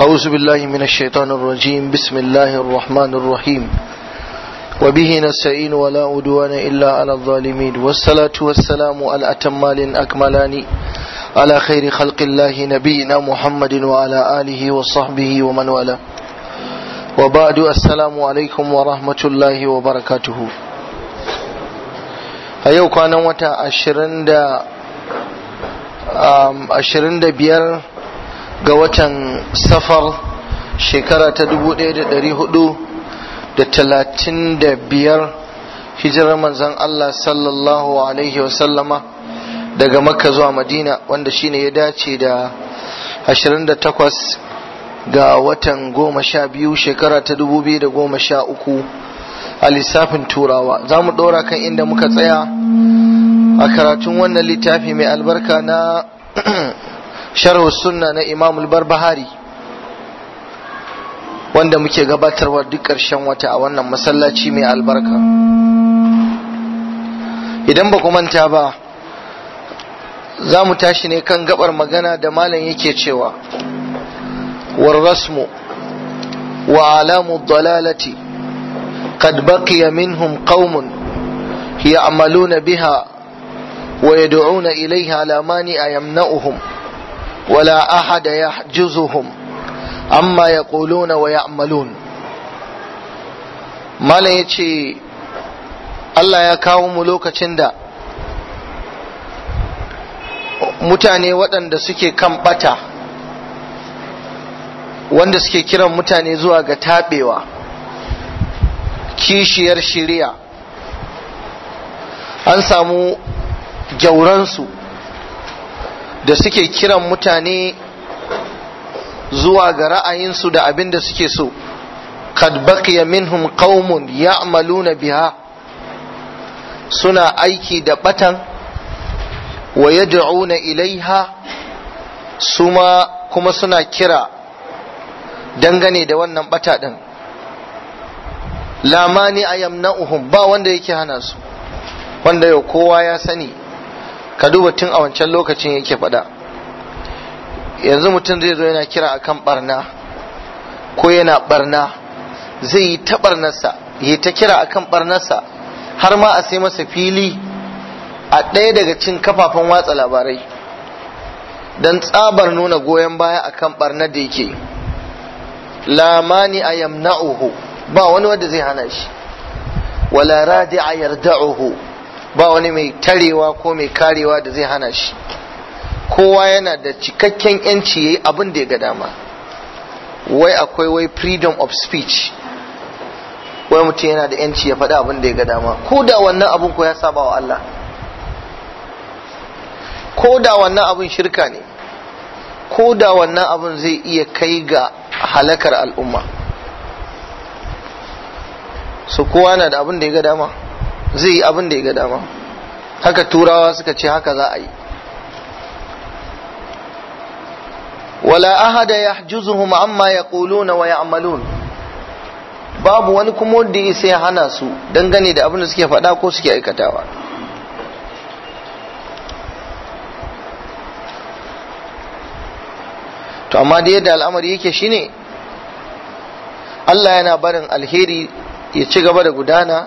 أعوذ بالله من الشيطان الرجيم بسم الله الرحمن الرحيم وبه نستعين ولا عدوان إلا على الظالمين والصلاة والسلام على أتمال الأكملان على خير خلق الله نبينا محمد وعلى آله وصحبه ومن والاه وبعد السلام عليكم ورحمة الله وبركاته أيوة كان متى أشرند أشرند بير ga watan safar shekara ta 1435 hijirar manzan Allah sallallahu alaihi wasallama daga makka zuwa madina wanda shine ya dace da 28 ga watan goma 12 shekara ta uku a lissafin turawa za mu ɗora kan inda muka tsaya a karatun wannan littafi mai albarka na Sharhu sunna na Imam al-Barbahari wanda muke gabatarwa duk ƙarshen wata a wannan masallaci mai albarka idan ba ku manta ba za mu tashi ne kan gabar magana da malam yake cewa war rasmu wa alamu dalalati qad baqiya minhum qaumun ya'maluna biha wa yad'una ilayha lamani mani'a yamna'uhum ولا أحد يحجزهم عما يقولون ويعملون ما يتشي Allah ya kawo mu lokacin da mutane waɗanda suke kan ɓata wanda suke kiran mutane zuwa ga taɓewa kishiyar shiriya an samu gyauransu da suke kiran mutane zuwa ga ra'ayinsu da abin da suke so kad baqiya minhum qaumun ya'maluna biha suna aiki da batan wa yad'una ilaiha suma kuma suna kira dangane da wannan bata din lamani ayamna'uhum ba wanda yake hana su wanda yau kowa ya sani ka duba tun a wancan lokacin yake faɗa yanzu mutum zai zo yana kira akan barna ko yana barna zai yi ta barnarsa yi ta kira akan barnarsa har ma a sai masa fili a ɗaya daga cin kafafen watsa labarai don tsabar nuna goyon baya akan ɓarnar da yake lamani a yamna'uhu ba wani wanda zai hana shi wala radi a yarda'uhu ba wani mai tarewa ko mai karewa da zai hana shi kowa yana da cikakken yanci yi abin da ya ga dama wai akwai wai freedom of speech wai mutum yana da yanci ya faɗi abin da ya ga dama ko da wannan abin ko ya saba wa Allah ko da wannan abin shirka ne ko da wannan abin zai iya kai ga halakar al'umma su kowa na da abin da ya ga dama zai yi abin da ya ga dama haka turawa suka ce haka za a yi wala ahada yahjuzuhum amma na wa ya'malun babu wani kuma wanda ya sai hana su dangane da abin da suke faɗa ko suke aikatawa to amma da yadda al'amari yake shine Allah yana barin alheri ya ci gaba da gudana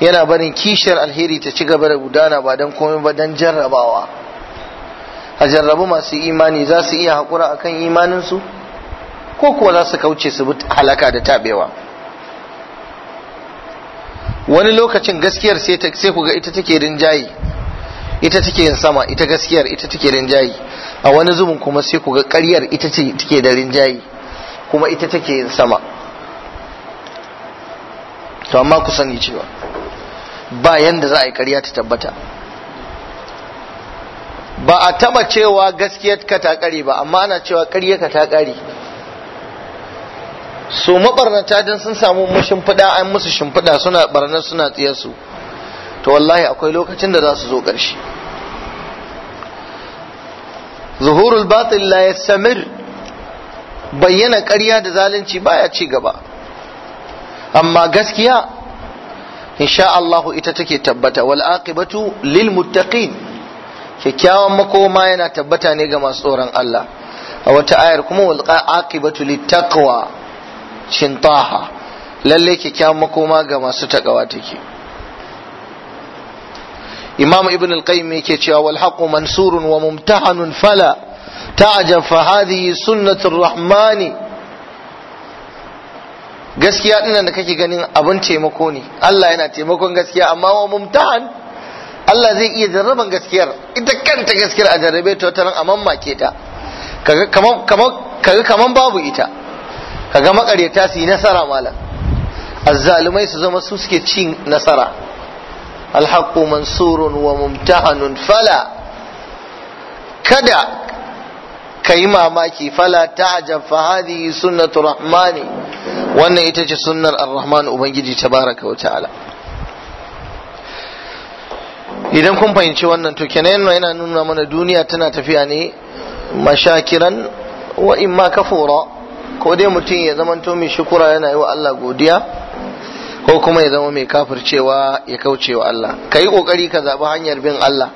yana barin kishiyar alheri ta ci gaba da gudana ba don komai ba don jarrabawa a jarrabu masu imani za su iya haƙura a kan imaninsu ko kuwa za su kauce su bi halaka da taɓewa wani lokacin gaskiyar sai ku ga ita take rinjaye ita take yin sama ita gaskiyar ita take rinjaye a wani zubin kuma sai ku ga ƙaryar ita take da rinjaye kuma ita take yin sama to amma ku sani cewa ba yanda za a yi karya ta tabbata ba a taba cewa gaskiyar ka ta kare ba amma ana cewa kariya ka ta kare. su mabarnata don sun samu mu shimfiɗa an musu shimfiɗa suna barnar suna tsiyarsu to wallahi akwai lokacin da za su zo ƙarshe zuhurul batil la yasmir bayyana ƙarya da zalunci baya ci gaba amma gaskiya insha Allah ita take tabbata wal aqibatu lil muttaqin kyakkyawan makoma yana tabbata ne ga masu tsoron Allah a wata ayar kuma wal aqibatu lit taqwa shintaha lalle kyakkyawan makoma ga masu takawa take Imam Ibn al-Qayyim yake cewa wal haqqu mansurun wa mumtahanun fala ta'jab fa hadhihi sunnatu rahmani gaskiya dinnan da kake ganin abin taimako ne Allah yana taimakon gaskiya amma wa mumtahan Allah zai iya jarraban gaskiyar ita kanta gaskiyar a jarrabe ta wata a mamake ta kaga kaman babu ita kaga makaryata su yi nasara malam azzalumai su zama su suke cin nasara alhaqu mansurun wa mumtahanun fala kada ka mamaki fala ta'jab fa hadhihi sunnatu rahmani wannan ita ce sunnar ar-rahman ubangiji tabaraka wa ta'ala idan kun fahimci wannan to kenan yana nuna mana duniya tana tafiya ne mashakiran wa imma kafura ko dai mutum ya zama to mai shukura yana yi wa Allah godiya ko kuma ya zama mai kafircewa ya kauce wa Allah ka yi ƙoƙari ka zaɓi hanyar bin Allah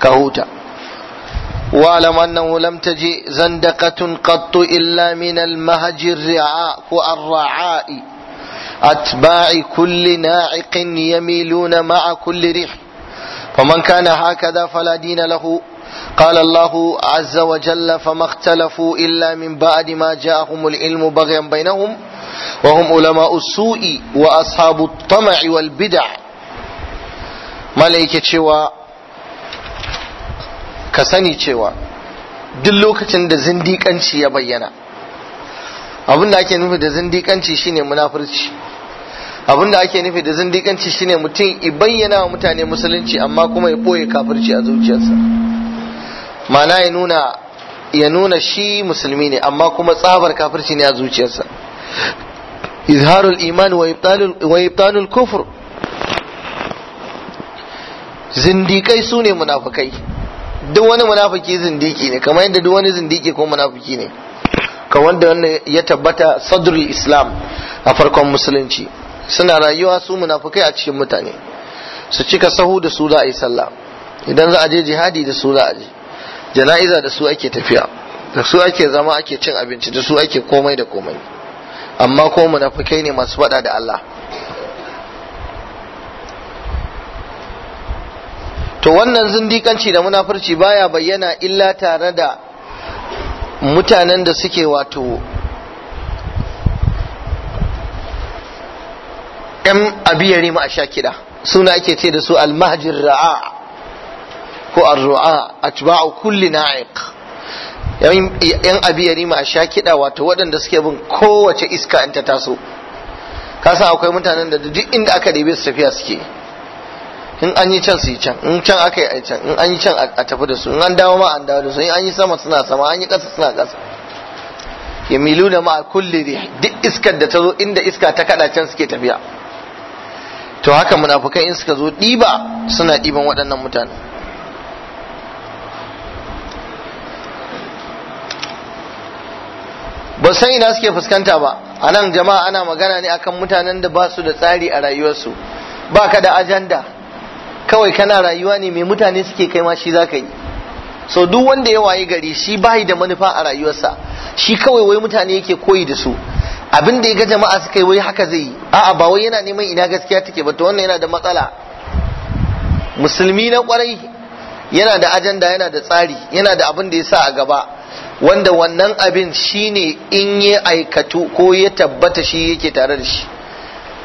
ka huta واعلم أنه لم تجي زندقة قط إلا من المهج الرعاء الرعاء أتباع كل ناعق يميلون مع كل ريح فمن كان هكذا فلا دين له قال الله عز وجل فما اختلفوا إلا من بعد ما جاءهم العلم بغيا بينهم وهم علماء السوء وأصحاب الطمع والبدع ملائكة ka sani cewa duk lokacin da zindiƙanci ya bayyana abin da ake nufi da zindiƙanci shine munafurci abin da ake nufi da zindiƙanci shine mutum i bayyana wa mutane musulunci amma kuma ya ɓoye kafirci a zuciyarsa ma'ana ya nuna ya nuna shi musulmi ne amma kuma tsabar kafirci ne a zuciyarsa izharul iman wa ibtalul kufur zindiƙai su ne munafukai duk wani munafiki zindiki ne kamar yadda duk wani zindiki ko munafiki ne ka wanda wannan ya tabbata sadrul islam a farkon musulunci suna rayuwa su munafikai a cikin mutane su cika sahu da su za a yi sallah idan za a je jihadi da su za a je jana'iza da su ake tafiya da su ake zama ake cin abinci da su ake komai da komai amma ko munafikai ne masu faɗa da Allah to wannan zindikanci da munafurci baya bayyana illa tare da mutanen da suke wato yan abiyari ma a sha kiɗa suna ake ce da su almahajin ra'a ko arru'a atba'u kulli na'iq yan abiyari ma a sha kiɗa wato waɗanda suke bin kowace iska in ta taso kasa akwai mutanen da duk inda aka ɗebe su tafiya suke in an yi can su yi can in can aka yi a can in an yi can a tafi da su in an dawo ma an dawo da su in an yi sama suna sama an yi ƙasa suna ƙasa ya milu da kulle da duk iskar da ta zo inda iska ta kada can suke tafiya to haka munafukai in suka zo ɗiba suna ɗiban waɗannan mutane ba san ina suke fuskanta ba a nan jama'a ana magana ne akan mutanen da ba su da tsari a rayuwarsu ba ka da ajanda kawai kana rayuwa ne mai mutane suke kai ma shi za ka yi sau duk wanda ya waye gari shi bayi da manufa a rayuwarsa shi kawai wai mutane yake koyi da su abin da ya ga jama'a suka yi wai haka zai yi a'a ba wai yana neman ina gaskiya take ba to wannan yana da matsala musulmi na kwarai yana da ajanda yana da tsari yana da abin da ya sa a gaba wanda wannan abin shi ne in ya aikatu ko ya tabbata shi yake tare da shi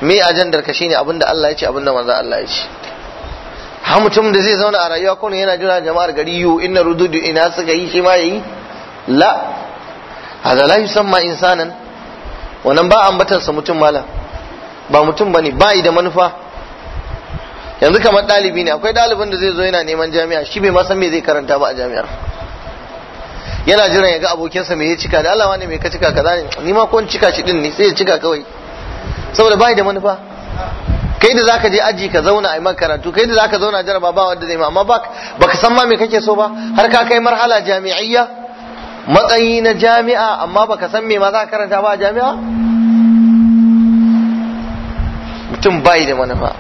me ajandar ka shine abin da Allah ya ce abin da manzon Allah ya ce har mutum da zai zauna a rayuwa kuma yana jira jama'ar gari yiwu inna rududu ina suka yi shi ma yayi la hada la yusamma insanan wannan ba ambatan sa mutum mala ba mutum bane ba yi da manufa yanzu kamar dalibi ne akwai dalibin da zai zo yana neman jami'a shi bai ma san me zai karanta ba a jami'ar yana jiran ya ga abokinsa me ya cika da Allah wani me ka cika kaza ne ni ma ko cika shi din ne sai ya cika kawai saboda ba yi da manufa kai da zaka je aji ka zauna a karatu kai da zaka zauna jaraba ba wanda zai ma amma baka san ma me kake so ba har ka kai marhala jami'iyya matsayi na jami'a amma baka san me ma za ka karanta ba a jami'a mutum bai da manufa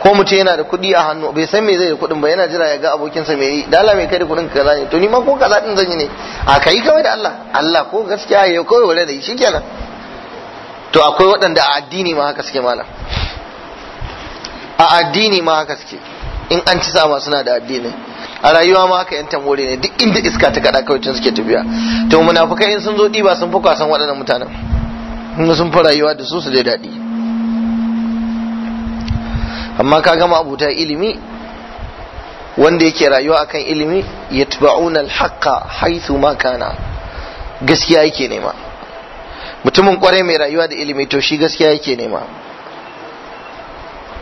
ko mutum yana da kuɗi a hannu bai san me zai da kuɗin ba yana jira ya ga abokinsa me yi da Allah kai da kuɗin kaza ne to ni ma ko kaza din zan yi ne a kai kawai da Allah Allah ko gaskiya ya kawai wala da shi kenan to akwai waɗanda a addini ma haka suke a addini ma haka suke in an ci sama suna da addini a rayuwa ma haka yan tamore ne duk inda iska ta kada kawai suke tafiya to munafukai in sun zo diba sun fi kwasan waɗannan mutanen kuma sun fi rayuwa da su su je daɗi amma ka gama abuta ilimi wanda yake rayuwa akan ilimi yatba'una al-haqqa haythu ma kana gaskiya yake nema mutumin kwarai mai rayuwa da ilimi to shi gaskiya yake nema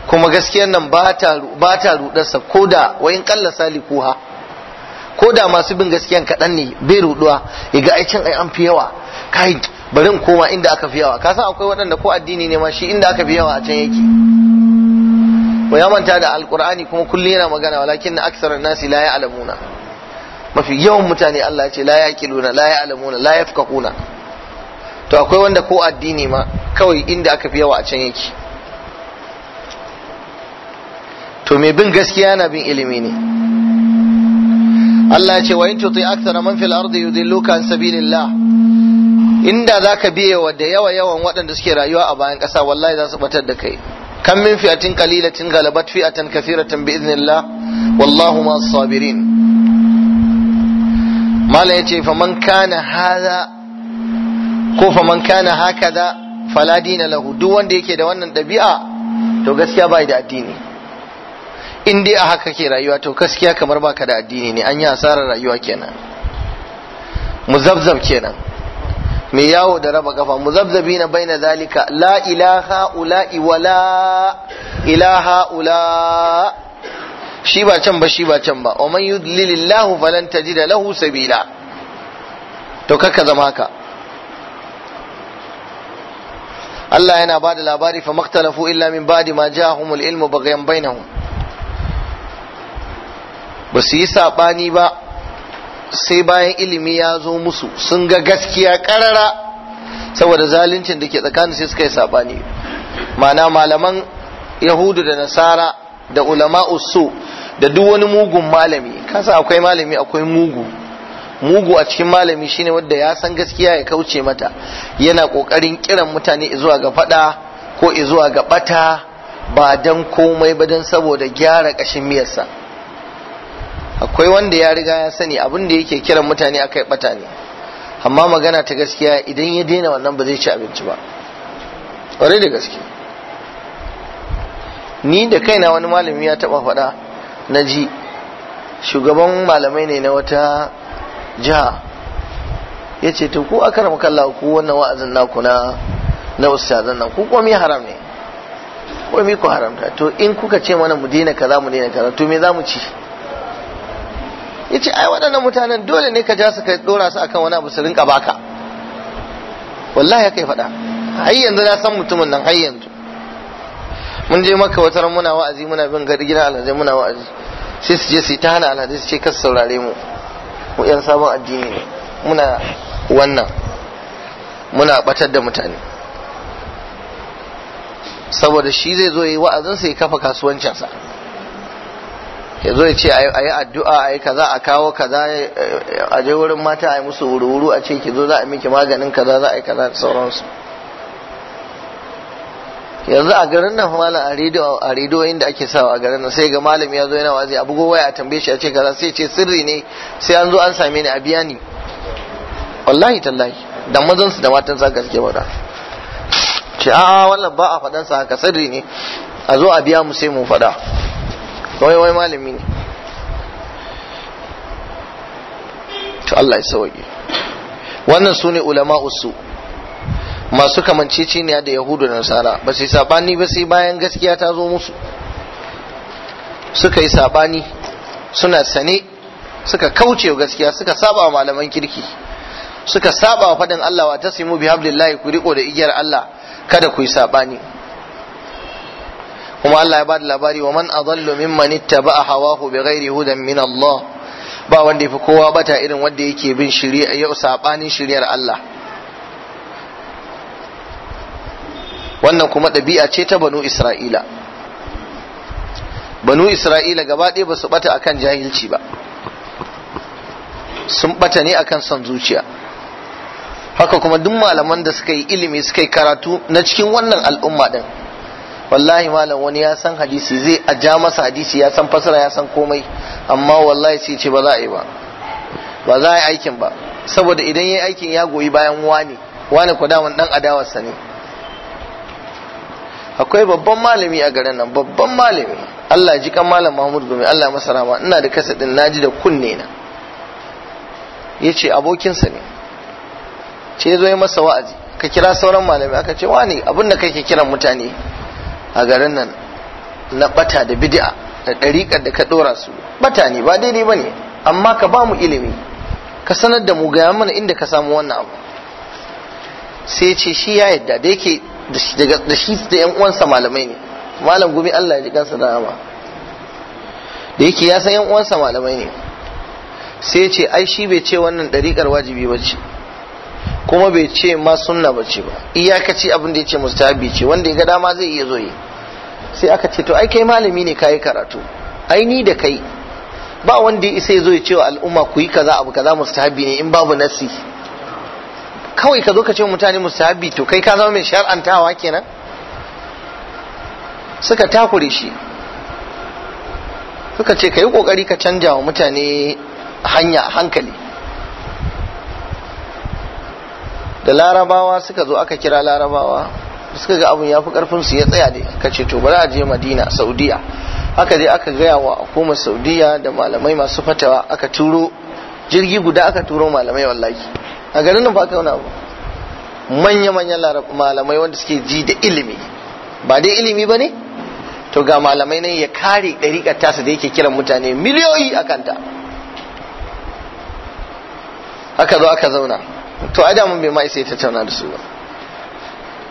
kuma gaskiyar nan ba ta rudarsa ko da wayin kalla salikuha ko da masu bin gaskiyan kaɗan ne bai ruduwa ya ga aikin ai an fi yawa kai bari in koma inda aka fi yawa kasan akwai waɗanda ko addini ne ma shi inda aka fi yawa a can yake ba ya manta da alkur'ani kuma kullum yana magana walakin na aksarar nasi la ya alamuna mafi yawan mutane Allah ce la ya kiluna la ya alamuna la ya fukakuna to akwai wanda ko addini ma kawai inda aka fi yawa a can yake to mai bin gaskiya na bin ilimi ne Allah ya ce wa in tuti akthara man fil ardi yudilluka an sabilillah inda zaka biye wa da yawa yawan waɗanda suke rayuwa a bayan ƙasa wallahi za su batar da kai kan min fi'atin qalilatin galabat fi'atan kathiratan bi idnillah wallahu ma sabirin ya ce fa man kana hadha ko fa man kana haka fala dina lahu duk wanda yake da wannan ɗabi'a to gaskiya bai da addini in dai a haka ke rayuwa to gaskiya kamar baka da addini ne an yi asarar rayuwa kenan muzabzab kenan Me yawo da raba kafa muzabzabi na baina zalika la ilaha ula wala ilaha ula shi ba can ba shi ba can ba wa man yudlilillahu falan tajida lahu sabila to kakka zama haka Allah yana ba da labari fa maktalafu illa min ba'di ma ja'ahumul ilmu baghyan bainahum ba su yi sabani ba sai bayan ilimi ya zo musu sun ga gaskiya karara saboda zaluncin da ke tsakanin sai suka yi sabani ma'ana malaman yahudu da nasara da ulama usu da duk wani mugun malami kasa akwai malami akwai mugu mugu a cikin malami shine wanda ya san gaskiya ya kauce mata yana kokarin kiran mutane zuwa ga fada ko zuwa ga bata ba dan komai ba dan saboda gyara kashin miyarsa akwai wanda ya riga ya sani abin da yake kiran mutane akai bata ne amma magana ta gaskiya idan ya daina wannan ba zai ci abinci ba ƙwarai da gaske ni da kaina wani malami ya taɓa faɗa na ji shugaban malamai ne na wata jiha ya ce to ku aka ramu kalla ku wannan wa'azin naku na na ustazan nan ku komi haram ne komi ku haramta to in kuka ce mana mu daina kaza mu daina kaza to me za mu ci ya ce ai waɗannan mutanen dole ne ka ja su ka dora su akan wani abu su rinka baka wallahi ya kai faɗa har yanzu na san mutumin nan har yanzu mun je maka wata ran muna wa'azi muna bin gari gidan alhaji muna wa'azi sai su je su yi ta hana alhaji su ce kas saurare mu mu yan sabon addini ne muna wannan muna batar da mutane saboda shi zai zo yi wa'azin sai kafa kasuwancinsa ya zo ya ce a yi addu'a a yi kaza a kawo kaza a je wurin mata a yi musu wuru-wuru a ce ki zo za a miki maganin kaza za a yi kaza da sauransu yanzu a garin nan malam a rediyo a rediyoyin inda ake sawa a garin nan sai ga malam ya zo yana wazi abu gowa ya tambaye shi a ce kaza sai ce sirri ne sai an zo an same ni a biya ni wallahi tallahi da mazan su da matan sa gaske bada ce a wannan ba a faɗan sa haka sirri ne a zo a biya mu sai mu faɗa wai wai malami ne to Allah ya sauke wannan sune ulama usu masu kamanceceniya da yahudu da nasara ba su yi sabani ba sai bayan gaskiya ta zo musu suka yi sabani suna sane suka kauce gaskiya suka saba wa malaman kirki suka saba wa faɗin Allah wa tasimu bi hablillahi ku riko da igiyar Allah kada ku yi sabani kuma Allah ya bada labari wa man adallu mimman ittaba'a hawahu bighairi hudan min Allah ba wanda yafi kowa bata irin wanda yake bin shari'a ya sabanin shari'ar Allah wannan kuma ɗabi'a ce ta banu isra'ila banu isra'ila gaba ɗaya ba su ɓata akan jahilci ba sun ɓata ne akan son zuciya haka kuma duk malaman da suka yi ilimi suka yi karatu na cikin wannan al'umma ɗin wallahi malam wani ya san hadisi zai a masa hadisi ya san fasara ya san komai amma wallahi sai ce ba za a yi ba ba za a yi aikin ba saboda idan ya yi aikin ya goyi bayan wani wani ku daman dan adawarsa ne akwai babban malami a garin nan babban malami Allah ji kan malam Mahmud Gumi Allah masa rahama ina da kasa din naji da kunne na yace abokinsa ne ce zo yi masa wa'azi ka kira sauran malami aka ce wani abin da kake kiran mutane a garin nan na bata da bid'a da ɗariƙar da ka ɗora su bata ne ba daidai bane amma ka ba mu ilimi ka sanar da mu gaya mana inda ka samu wannan abu sai ce shi ya yadda da yake da shi da yan uwansa malamai ne malam gumi Allah ya ji kansa da ama da yake ya san yan uwansa malamai ne sai ya ce ai shi bai ce wannan dariƙar wajibi ba ce kuma bai ce ma sunna ba ce ba iyakaci abin da ya ce mustahabi ce wanda ya ga dama zai iya zo yi sai aka ce to ai kai malami ne kayi karatu ai ni da kai ba wanda ya isa ya zo ya ce wa al'umma ku yi kaza abu kaza mustahabi ne in babu nasi kawai ka zo ka ce mutane musabi to kai ka zama mai shar'antawa kenan suka takure shi suka ce ka yi kokari ka canja wa mutane hanya hankali da larabawa suka zo aka kira larabawa suka ga abin ya fi karfin su ya tsaya da ka ce to bari a je madina saudiya aka je aka gaya wa hukumar saudiya da malamai masu fatawa aka turo jirgi guda aka turo malamai wallahi a garin nan ba wani abu manya-manyan malamai wanda suke ji da ilimi ba dai ilimi ba ne to ga malamai nan ya kare ɗariƙar tasa da yake kiran mutane miliyoyi a kanta aka zo aka zauna to adamun bai ma isa ya tattauna da su ba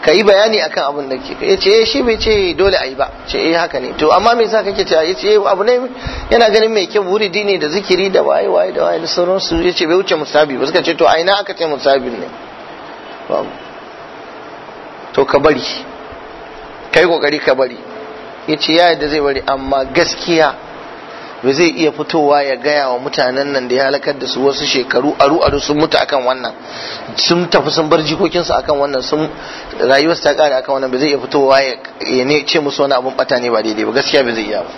ka yi bayani akan abin da ke ya ce eh, shi bai ce dole a yi ba ce eh haka ne to amma me sa kake cewa ya ce eh, abu ne yana ganin mai kyau wuri dini da zikiri da waye waye da waye da sauransu ya ce bai wuce musabi ba suka ce to aina aka ce musabi ne to ka bari kai kokari ka bari ya ce ya yadda zai bari amma gaskiya to zai iya fitowa ya gaya wa mutanen nan da ya halakar da su wasu shekaru aru aru sun mutu akan wannan sun tafi sun bar jikokinsu akan wannan sun rayuwarsu ta kare akan wannan ba zai iya fitowa ya ne ce musu wani abun bata ne ba daidai ba gaskiya ba zai iya ba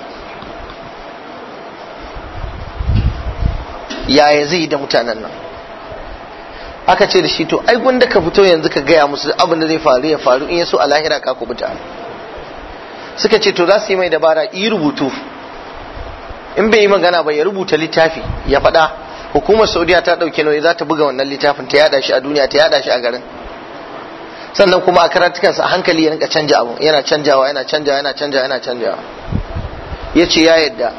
yaya zai yi da mutanen nan aka ce da shi to ai gunda ka fito yanzu ka gaya musu abin da zai faru ya faru in ya so a lahira ka kubuta suka ce to za su yi mai dabara yi rubutu in bai yi magana ba ya rubuta littafi ya faɗa hukumar saudiya ta ɗauke nauyi za ta buga wannan littafin ta yada shi a duniya ta yada shi a garin sannan kuma a karatukansa a hankali ya rinka canja abu yana canjawa yana canjawa yana canjawa yana canjawa ya ce ya yadda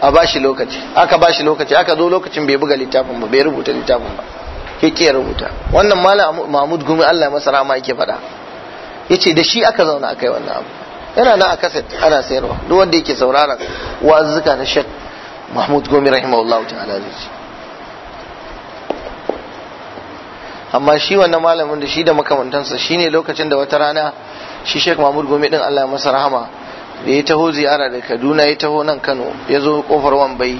a bashi lokaci aka bashi lokaci aka zo lokacin bai buga littafin ba bai rubuta littafin ba ke rubuta wannan malam mahmud gumi allah masa rama yake faɗa ya ce da shi aka zauna kai wannan abu yana na a kaset ana sayarwa duk wanda yake sauraron wa'azzuka na shek mahmud gomi rahimahullahu ta'ala zai ce amma shi wannan malamin da shi da makamantansa ne lokacin da wata rana shi shek Mahmud Gomi din Allah masa rahama da ya taho ziyara da Kaduna ya taho nan Kano ya zo kofar Wambai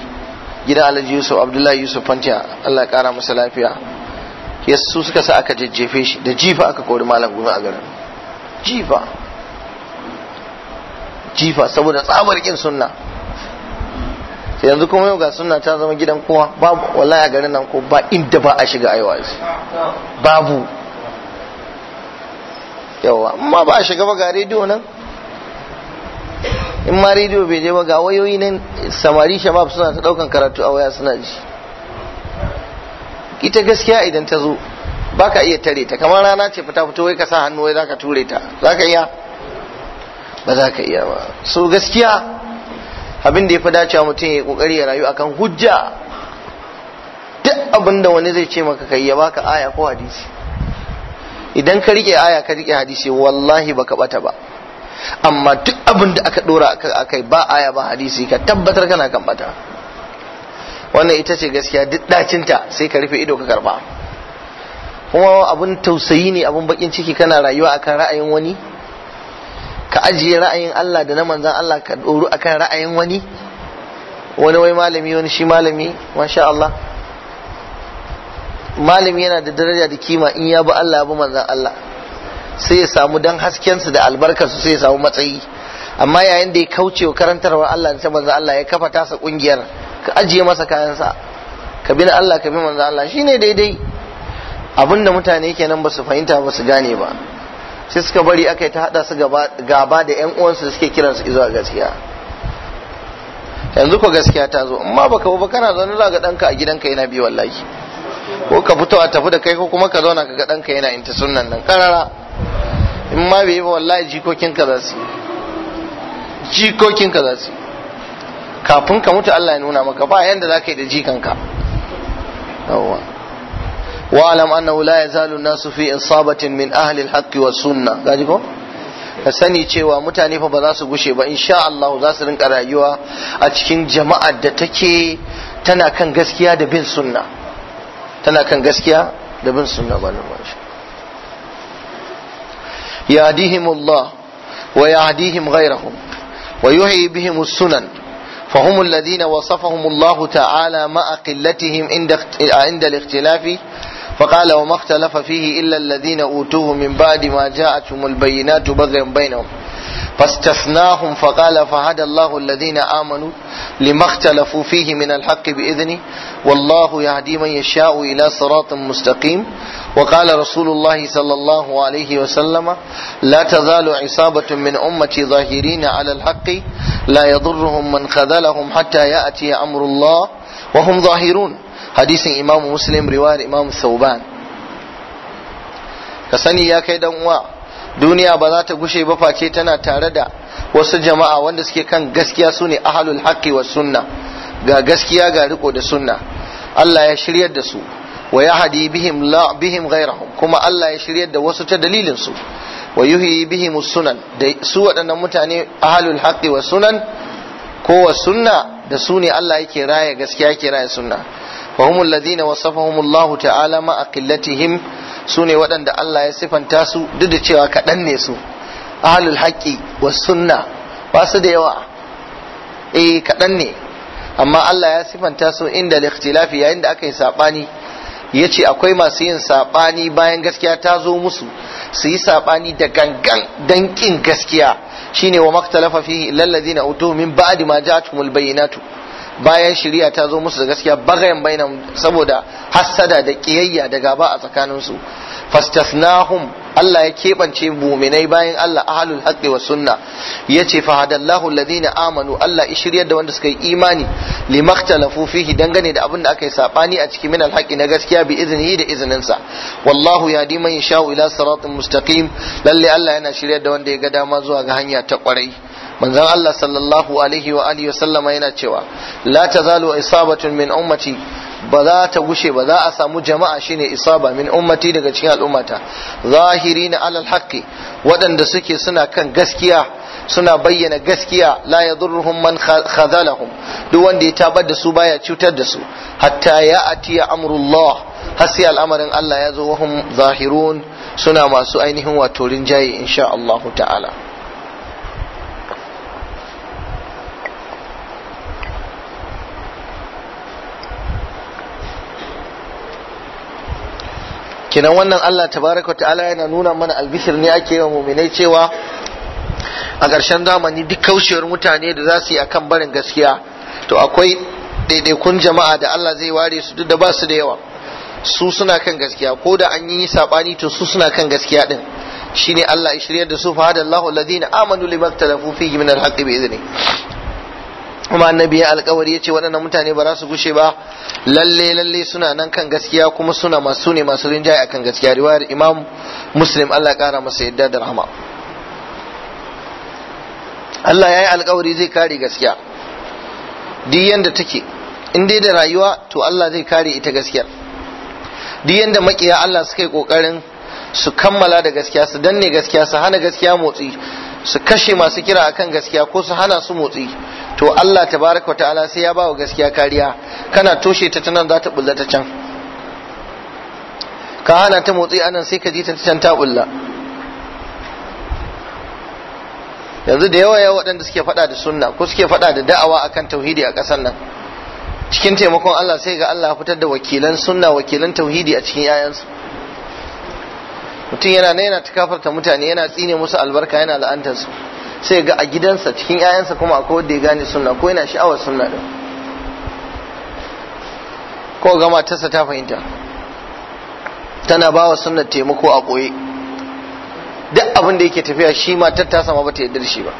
gida Alhaji Yusuf Abdullahi Yusuf Fantiya Allah kara masa lafiya yasu suka sa aka jajjefe shi da jifa aka kori malam Gomi a garin jifa jifa saboda tsabar kin sunna yanzu kuma yau ga sunna ta zama gidan kowa babu wallahi a garin nan ko ba inda ba a shiga aiwa babu yawa amma ba a shiga ba ga rediyo nan in ma rediyo bai je ba ga wayoyi nan samari shabab suna ta daukan karatu a waya suna ji ita gaskiya idan ta zo baka iya tare ta kamar rana ce fita fito wai ka sa hannu wai zaka ture ta zaka iya ba za ka iya ba so gaskiya abin da ya fi dacewa mutum ya kokari ya rayu akan hujja duk abin da wani zai ce maka kai ya baka aya ko hadisi idan ka rike aya ka rike hadisi wallahi baka bata ba amma duk abin da aka dora akai ba aya ba hadisi ka tabbatar kana kan bata wannan ita ce gaskiya duk dacinta sai ka rufe ido ka karba kuma abin tausayi ne abin bakin ciki kana rayuwa akan ra'ayin wani ka ajiye ra'ayin Allah da na manzan Allah ka ɗoru akan ra'ayin wani wani wai malami wani shi malami masha Allah malami yana da daraja da kima in ya bi Allah ya bi manzan Allah sai ya samu dan haskensu da albarkarsu sai ya samu matsayi amma yayin da ya kauce wa karantarwar Allah da manzan Allah ya kafa tasa kungiyar ka ajiye masa kayansa ka bi Allah ka bi manzan Allah shine daidai abinda mutane kenan ba su fahimta ba su gane ba sai suka bari aka yi ta hada su gaba da yan uwansu suke kiransu izuwa gaskiya yanzu ko gaskiya ta zo amma baka ba kana zaune za ga danka a gidanka yana bi wallahi ko ka fito a tafi da kai ko kuma ka zauna ka ga danka yana inta sunnan nan karara in ma bai yi ba wallahi jikokin ka za su jikokin ka za su kafin ka mutu Allah ya nuna maka ba yanda za yi da jikanka yawwa wa'alam annahu la yazalu nasu fi isabatin min ahli alhaqqi was sunnah gaji ko sani cewa mutane fa ba za su gushe ba insha Allah za su rinka rayuwa a cikin jama'ar da take tana kan gaskiya da bin sunna tana kan gaskiya da bin sunna ba nan shi yahdihimullah wa yahdihim ghayrahum wa yuhyi bihim sunan فهم الذين وصفهم الله تعالى مع قلتهم عند عند الاختلاف فقال وما اختلف فيه إلا الذين أوتوه من بعد ما جاءتهم البينات بغيا بينهم فاستثناهم فقال فهدى الله الذين آمنوا لما اختلفوا فيه من الحق بإذنه والله يهدي من يشاء إلى صراط مستقيم وقال رسول الله صلى الله عليه وسلم لا تزال عصابة من أمتي ظاهرين على الحق لا يضرهم من خذلهم حتى يأتي أمر الله وهم ظاهرون hadisin imamu muslim riwayar imamu sauban ka sani ya kai dan uwa duniya ba za ta gushe ba face tana tare da wasu jama'a wanda suke kan gaskiya su ne ahalul haqqi wa sunna ga gaskiya ga riko da sunna Allah ya shiryar da su wa yahdi bihim la bihim kuma Allah ya shirya da wasu ta dalilinsu. su wa yuhyi bihim sunan da su waɗannan mutane ahalul haqqi wa sunan ko wa sunna da su ne Allah yake raya gaskiya yake raya sunna wa humul ladina wasafahumullahu ta'ala ma aqillatihim sune waɗanda Allah ya sifanta su duk da cewa kaɗan ne su ahlul haqqi was sunna ba su da yawa eh kaɗan ne amma Allah ya sifanta su inda al-ikhtilafi yayin da aka yi sabani yace akwai masu yin sabani bayan gaskiya ta zo musu su yi sabani da gangan dan kin gaskiya shine wa maktalafa fihi lil ladina utu min ba'di ma ja'atuhumul bayyinatu bayan shari'a ta zo musu da gaskiya bagayen bainan saboda hassada da kiyayya da gaba a tsakaninsu fastasnahum Allah ya keɓance muminai bayan Allah ahlul haqqi wa sunna yace fa hadallahu alladhina amanu Allah ya shiryar da wanda suka yi imani limaktalafu fihi dangane da abin da aka yi sabani a cikin minal haqqi na gaskiya bi iznihi da izininsa wallahu yahdi man yasha'u ila siratin mustaqim lalle Allah yana shiryar da wanda ya ga dama zuwa ga hanya ta kwarai manzon Allah sallallahu alaihi wa alihi sallama yana cewa la tazalu isabatun min ummati ba za ta gushe ba za a samu jama'a shine isaba min ummati daga cikin al'ummata zahirina alal haqqi waɗanda suke suna kan gaskiya suna bayyana gaskiya la yadurruhum man khazalahum duk wanda ya tabar da su baya cutar da su hatta ya atiya amrullah har sai al'amarin Allah ya zo wahum zahirun suna masu ainihin wato rinjaye insha Allah ta'ala kenan wannan Allah tabaraka ta'ala yana nuna mana albisir ne ake yi wa muminai cewa a ƙarshen zamani duk kaushewar mutane da za su yi akan barin gaskiya to akwai daidaikun jama'a da Allah zai ware su duk da ba su da yawa su suna kan gaskiya ko da an yi sabani to su suna kan gaskiya din shine Allah ya shiryar da su fa hadallahu alladhina amanu limaktalafu fihi min alhaqqi bi idni kuma annabi ya alkawari ya ce waɗannan mutane ba za su gushe ba lalle lalle suna nan kan gaskiya kuma suna masu ne masu rinjaye akan gaskiya riwayar imam muslim Allah kara masa yadda da rahama Allah ya yi alkawari zai kare gaskiya duk yanda take in dai da rayuwa to Allah zai kare ita gaskiyar duk yanda makiya Allah suka yi kokarin su kammala da gaskiya su danne gaskiya su hana gaskiya motsi su kashe masu kira akan gaskiya ko su hana su motsi to Allah tabaraka wa ta'ala sai ya ba wa gaskiya kariya kana toshe ta tanan za ta bulla ta can ka hana ta motsi anan sai ka ji ta can ta bulla yanzu da yawa yawa waɗanda suke faɗa da sunna ko suke faɗa da da'awa akan tauhidi a ƙasar nan cikin taimakon Allah sai ga Allah fitar da wakilan sunna wakilan tauhidi a cikin 'ya'yansu mutum yana na yana kafarta mutane yana tsine musu albarka yana la'antar su sai ga a gidansa cikin 'ya'yansa kuma akwai wanda ya gane sunna ko yana sha'awar sunna din ko ga matarsa ta fahimta tana ba wa sunnar taimako a koye duk abinda da yake tafiya shi matar ta sama bata yarda da shi ba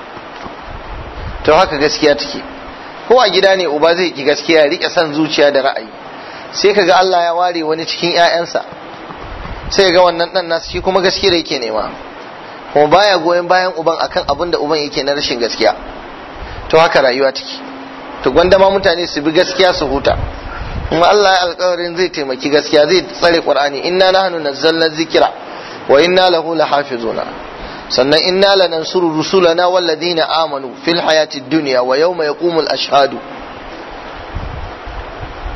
to haka gaskiya take ko a gida ne uba zai ki gaskiya ya rike son zuciya da ra'ayi sai kaga Allah ya ware wani cikin 'ya'yansa sai ga wannan dan nasu shi kuma gaskiya yake nema kuma baya goyon bayan uban akan abin da uban yake na rashin gaskiya to haka rayuwa take to gwanda ma mutane su bi gaskiya su huta kuma Allah ya alƙawarin zai taimaki gaskiya zai tsare Qur'ani inna nahnu nazzalna zikra wa inna lahu lahafizuna sannan inna lanansuru rusulana walladina amanu fil hayati dunya wa yawma yaqumul ashhadu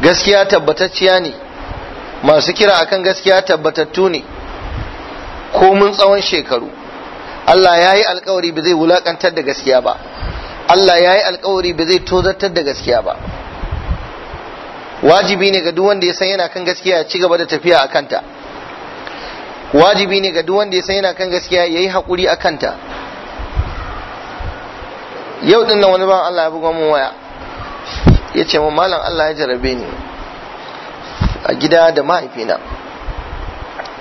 gaskiya tabbatacciya ne masu kira a kan gaskiya tabbatattu ne ko mun tsawon shekaru Allah ya yi alkawari ba zai wulakantar da gaskiya ba Allah ya yi alkawari ba zai tozartar da gaskiya ba wajibi ne ga duk wanda ya san yana kan gaskiya ya ci gaba da tafiya a kanta wajibi ne ga duk wanda ya san yana kan gaskiya ya yi haƙuri a kanta yau din nan wani ba Allah ya buga mun waya ya ce mu malam Allah ya jarabe ni a gida da mahaifina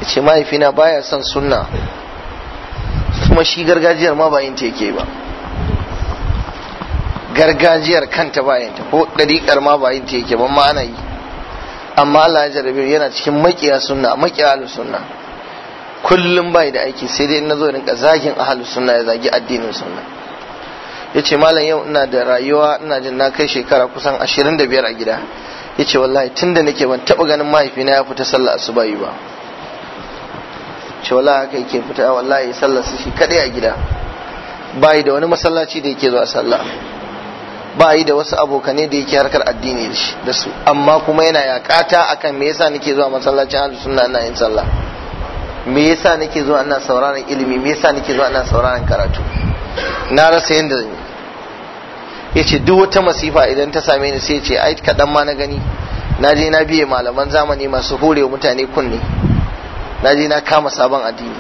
ya ce mahaifina baya son sunna kuma shi gargajiyar ma bayan ta yake ba gargajiyar kanta bayan ta ko ɗariƙar ma bayan ta yake ba, ma'ana yi amma Allah ya jarabe yana cikin makiya sunna makiya ahlus sunna kullum bai da aiki sai dai na nazo rinka zagin ahlus sunna ya zagi addinin sunna yace malam yau ina da rayuwa ina jin na kai shekara kusan 25 a gida yace wallahi tunda nake ban taba ganin mahaifina ya fita sallar asuba yi ba ce wallahi haka yake fita wallahi sallar su shi kadai a gida Ba yi da wani masallaci da yake zuwa sallah yi da wasu abokane da yake harkar addini da su amma kuma yana yakata akan me yasa nake zuwa masallacin ahlus sunna ina yin sallah me yasa nake zuwa ina sauraron ilimi me yasa nake zuwa ina sauraron karatu na rasa yanda zan yi ya ce duk wata masifa idan ta same ni sai ce ai kaɗan ma na gani na je na biye malaman zamani masu hure mutane kunne na je na kama sabon addini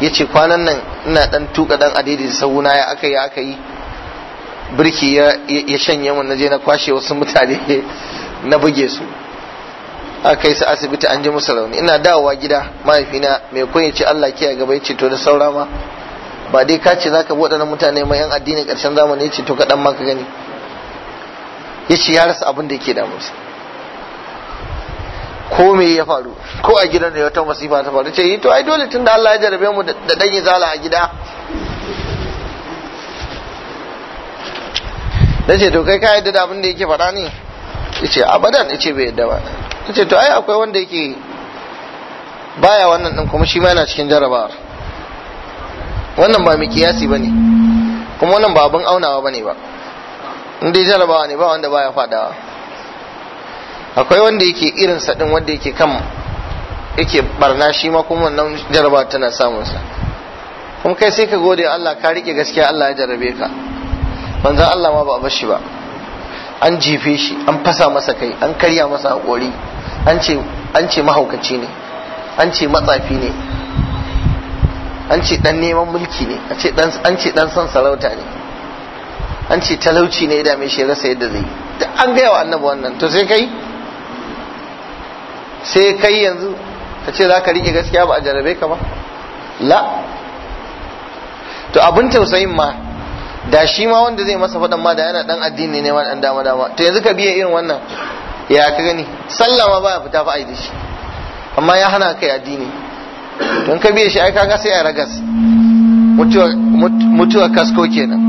ya ce kwanan nan ina dan tuka dan adidi da sauna ya aka yi aka yi birki ya shanye mun na je na kwashe wasu mutane na buge su aka kai su asibiti an ji musu rauni ina dawowa gida na mai kun ya ce Allah ya gaba ya ce to da saura ba dai ka ce za ka waɗannan mutane mai yan addinin ƙarshen zamani ce to kaɗan ma ka gani ya ce ya rasa abin da yake damunsa ko me ya faru ko a gidan da wata masifa ta faru ce eh, to ai dole tun da Allah ya jarabe mu da dan zala a gida da ce to kai ka yadda da abin da yake fara ne ya ce abadan ya ce bai yadda ba ya ce to ai akwai wanda yake baya wannan ɗin kuma shi ma yana cikin jarabawar wannan ba mikiyasi ba ne kuma wannan ba abin aunawa ba ne ba inda jarabawa ne ba wanda baya fadawa akwai wanda yake irin saɗin wanda yake kan yake barna shi ma kuma wannan jarabawa tana samunsa kuma kai sai ka gode Allah ka rike gaskiya Allah ya jarabe ka banza Allah ma ba a bashi ba an jefe shi an fasa masa kai an karya masa haƙori an ce mahaukaci ne an ce matsafi ne an ce dan neman mulki ne an ce dan son sarauta ne an ce talauci ne da mai shi rasa yadda zai duk an gaya wa annabi wannan to sai kai sai kai yanzu ka ce za ka riƙe gaskiya ba a jarabe ka ba la to abin tausayin ma da shi ma wanda zai masa faɗan ma da yana ɗan addini ne ma dama dama to yanzu ka biya irin wannan ya ka gani sallama ba baya fita fa'ai da shi amma ya hana kai addini don ka biye shi ai kaga sai a ragas mutuwa kasko kenan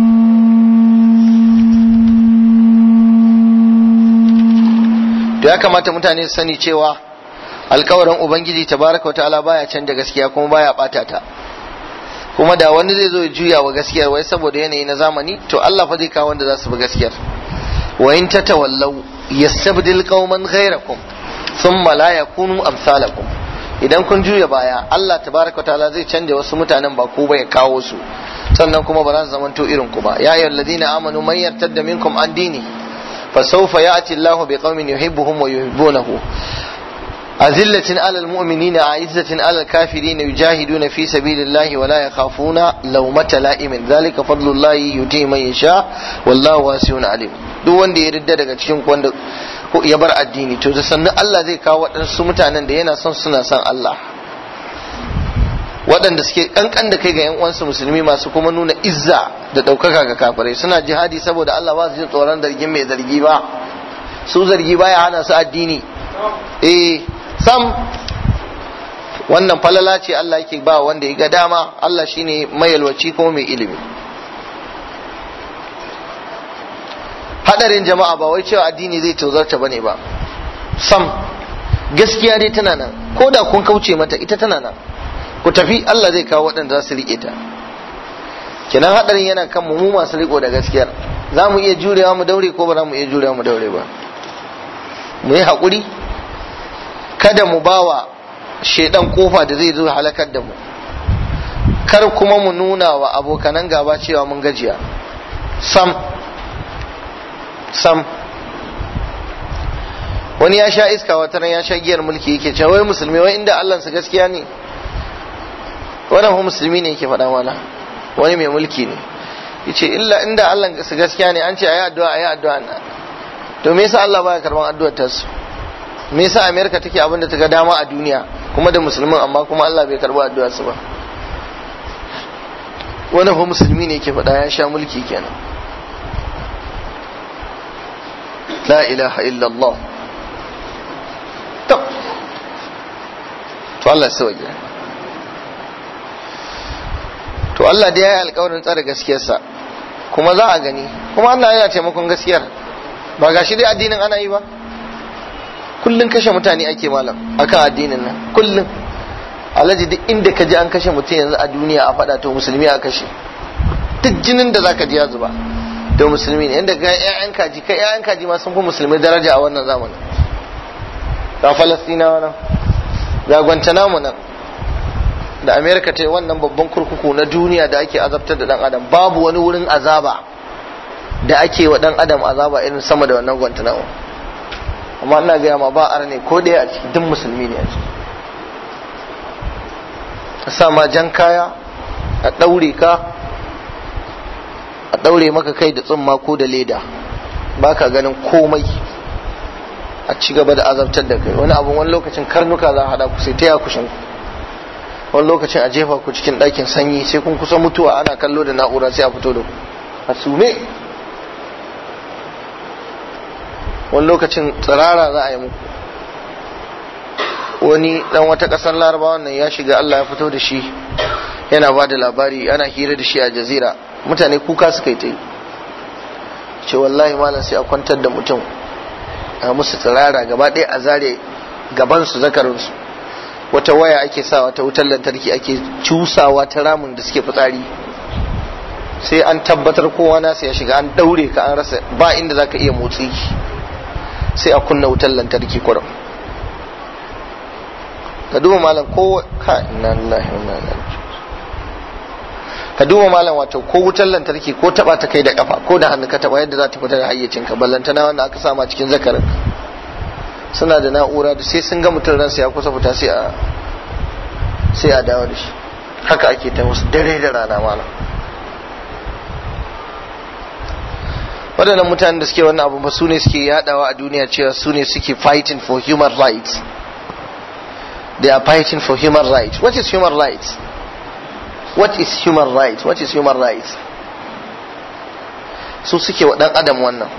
da ya kamata mutane su sani cewa alkawarin ubangiji tabaraka wa ta'ala baya canja gaskiya kuma baya bata ta kuma da wani zai zo ya juya wa gaskiyar wai saboda yanayi na zamani to Allah fa zai kawo wanda za su bi gaskiyar wa in tatawallaw yastabdil qauman ghayrakum thumma la yakunu amsalakum idan kun juya baya Allah tabaraka ta'ala zai canja wasu mutanen ba ku ba ya kawo su sannan kuma ba za su zamanto irin ku ba ya ayyul ladina amanu man yartadda minkum an dini fa sawfa ya'ti Allahu qaumin yuhibbuhum wa yuhibbunahu azillatin على na عزة على الكافرين yujahiduna fi sabilillahi wa la yakhafuna lawmata la'imin ذلك fadlullahi yuti man yasha wallahu wasi'un 'alim duk wanda ya ridda daga cikin wanda ko ya bar addini to da sannan Allah zai kawo waɗansu mutanen da yana son suna son Allah waɗanda suke ƙanƙan da kai ga yan uwansu musulmi masu kuma nuna izza da ɗaukaka ga kafirai suna jihadi saboda Allah ba su ji tsoron zargin mai zargi ba su zargi baya hana su addini eh sam wannan falala ce Allah yake ba wanda ya ga dama Allah shine mayalwaci ko mai ilimi hadarin jama'a ba wai cewa addini zai tozarta bane ba sam gaskiya dai tana nan ko da kun kauce mata ita tana nan ku tafi Allah zai kawo waɗanda za su riƙe ta kenan hadarin yana kan mu masu riko da gaskiyar za mu iya jurewa mu daure ko ba za mu iya jurewa mu daure ba mu yi haƙuri kada mu bawa shaidan kofa da zai zo halakar da mu kar kuma mu nuna wa abokanan gaba cewa mun gajiya sam sam wani ya sha iska wata ran ya sha giyar mulki yake cewa wai musulmi wai inda Allah su gaskiya ne wannan fa musulmi ne yake faɗa mana wani mai mulki ne yace illa inda Allah su gaskiya ne an ce ayi addu'a ayi addu'a to me yasa Allah baya karban addu'ar ta su me yasa America take abin da ta ga dama a duniya kuma da musulmin amma kuma Allah bai karba addu'ar su ba wannan fa musulmi ne yake faɗa ya sha mulki kenan la ilaha illallah to Allah sauke to Allah da yayi alƙawarin tsare gaskiyar sa kuma za a gani kuma Allah yana taimakon gaskiyar ba gashi shi dai addinin ana yi ba kullum kashe mutane ake malam akan addinin nan kullum alaji duk inda ka ji an kashe mutum yanzu a duniya a faɗa to musulmi a kashe duk jinin da zaka ji ya zuba da musulmi ne inda ga ƴaƴan kaji kai ƴaƴan kaji ma sun fi musulmi daraja a wannan zamanin ga falastinawa nan ga guantanamo nan da amerika ta yi wannan babban kurkuku na duniya da ake azabtar da dan adam babu wani wurin azaba da ake wa dan adam azaba irin sama da wannan guantanamo amma ina gaya ma ba arne ko ɗaya a ciki duk musulmi ne a ciki a sa ma jan kaya a ɗaure ka ɗaure maka kai da tsumma ko da leda baka ganin komai a ci gaba da azabtar da kai wani abu wani lokacin karnuka za a hada ku sai ta yakushin ku wani lokacin a jefa ku cikin ɗakin sanyi sai kun kusa mutuwa ana kallo da na'ura sai a fito da ku a sume wani lokacin tsirara za a yi muku wani dan wata kasar larabawa nan ya shiga Allah ya fito da shi yana ba da labari ana hira da shi a jazira mutane kuka suka yi ta yi ce wallahi malam sai a kwantar da mutum a musu tsirara gaba ɗaya a zare gaban su zakarinsu wata waya ake sawa ta wutar lantarki ake cusawa ta ramin da suke fitsari sai an tabbatar kowa nasa ya shiga an daure ka an rasa ba inda zaka iya motsi sai a kunna wutar lantarki kurum ka duba malam ko ka inna lillahi wa inna ka duba malam wato ko wutar lantarki ko taba ta kai da kafa ko da hannu ka taba yadda za ta fita da hayyacin ka ballanta na wanda aka sama cikin zakarin suna da na'ura da sai sun ga mutum ransa ya kusa fita sai a sai a dawo da shi haka ake ta wasu dare da rana malam waɗannan mutanen da suke wannan abu ba su ne suke yadawa a duniya cewa su ne suke fighting for human rights They are fighting for human rights. What is human rights? What is human rights? What is human rights? Su suke wa ɗan adam wannan.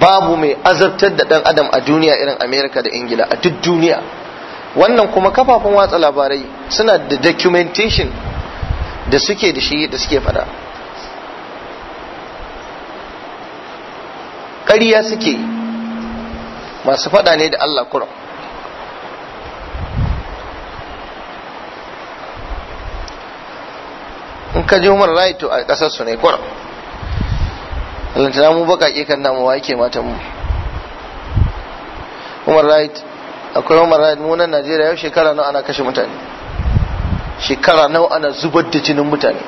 Babu mai azabtar da ɗan adam a duniya irin Amerika da Ingila a duk duniya. Wannan kuma kafafun watsa labarai suna da documentation da suke da shi da suke fada. Ƙarya suke masu fada ne da Allah Kur'an. in ka je human right to a kasar su ne kwar lantana mu bakake kan namu wa yake matan mu human right akwai human right mu nan Najeriya yau shekara nawa ana kashe mutane shekara nawa ana zubar da jinin mutane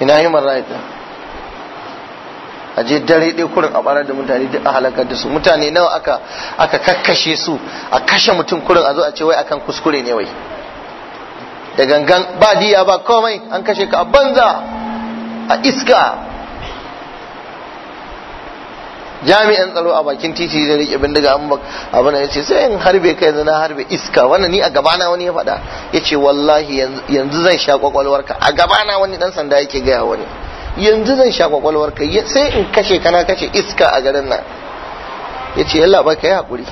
ina human right din a je dare ɗaya kurin a ɓarar da mutane duk a halakar da su mutane nawa aka kakkashe su a kashe mutum kurin a zo a ce wai akan kuskure ne wai da gangan ba diya ba komai an kashe ka a banza a iska jami'an tsaro a bakin titi da rike bindiga an abin ya ce sai in harbe ka yanzu na harbe iska wannan ni a gabana wani ya faɗa ya ce wallahi yanzu zan sha ka a gabana wani dan sanda yake gaya wani yanzu zan sha ka sai in kashe kana kashe iska a garin nan ya ce yalla ba ka yi haƙuri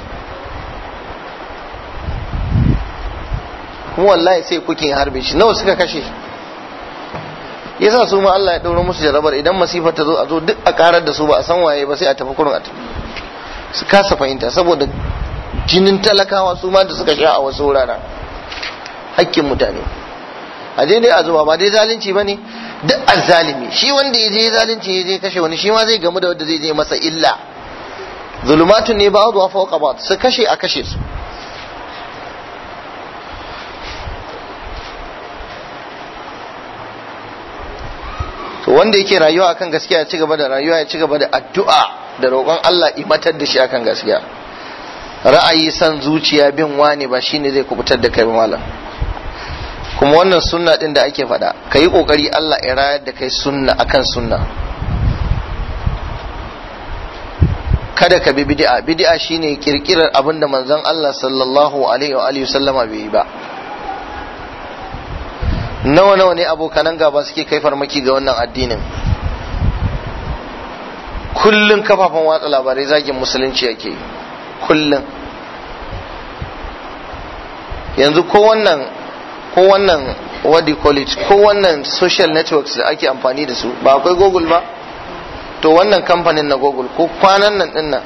kuma wallahi sai kuke harbe shi nawa suka kashe yasa su ma Allah ya dauro musu jarabar idan masifar ta zo a zo duk a karar da su ba a san waye ba sai a tafi kurun a tafi su kasa fahimta saboda jinin talakawa su ma da suka sha a wasu wurare. hakkin mutane a je dai a zuba ba dai zalunci ba ne duk azzalimi shi wanda ya je zalunci ya je kashe wani shi ma zai gamu da wanda zai je masa illa zulumatun ne ba wa fawqa ba su kashe a kashe su to wanda yake rayuwa akan gaskiya ya ci gaba da rayuwa ya ci gaba da addu'a da roƙon Allah imatar da shi akan gaskiya ra'ayi san zuciya bin wani ba shine zai kubutar da kai ba malam kuma wannan sunna din da ake faɗa ka yi ƙoƙari Allah ya rayar da kai sunna akan sunna kada ka bi bid'a bid'a shine kirkirar abinda manzon Allah sallallahu alaihi wa alihi sallama bai yi ba nawa nawa ne abokanan gaba suke kai farmaki ga wannan addinin kullum kafafen watsa labarai zagin musulunci yake kullum yanzu ko wannan ko wannan wadi college ko wannan social networks da ake amfani da su ba akwai google ba to wannan kamfanin na google ko kwanan nan dinnan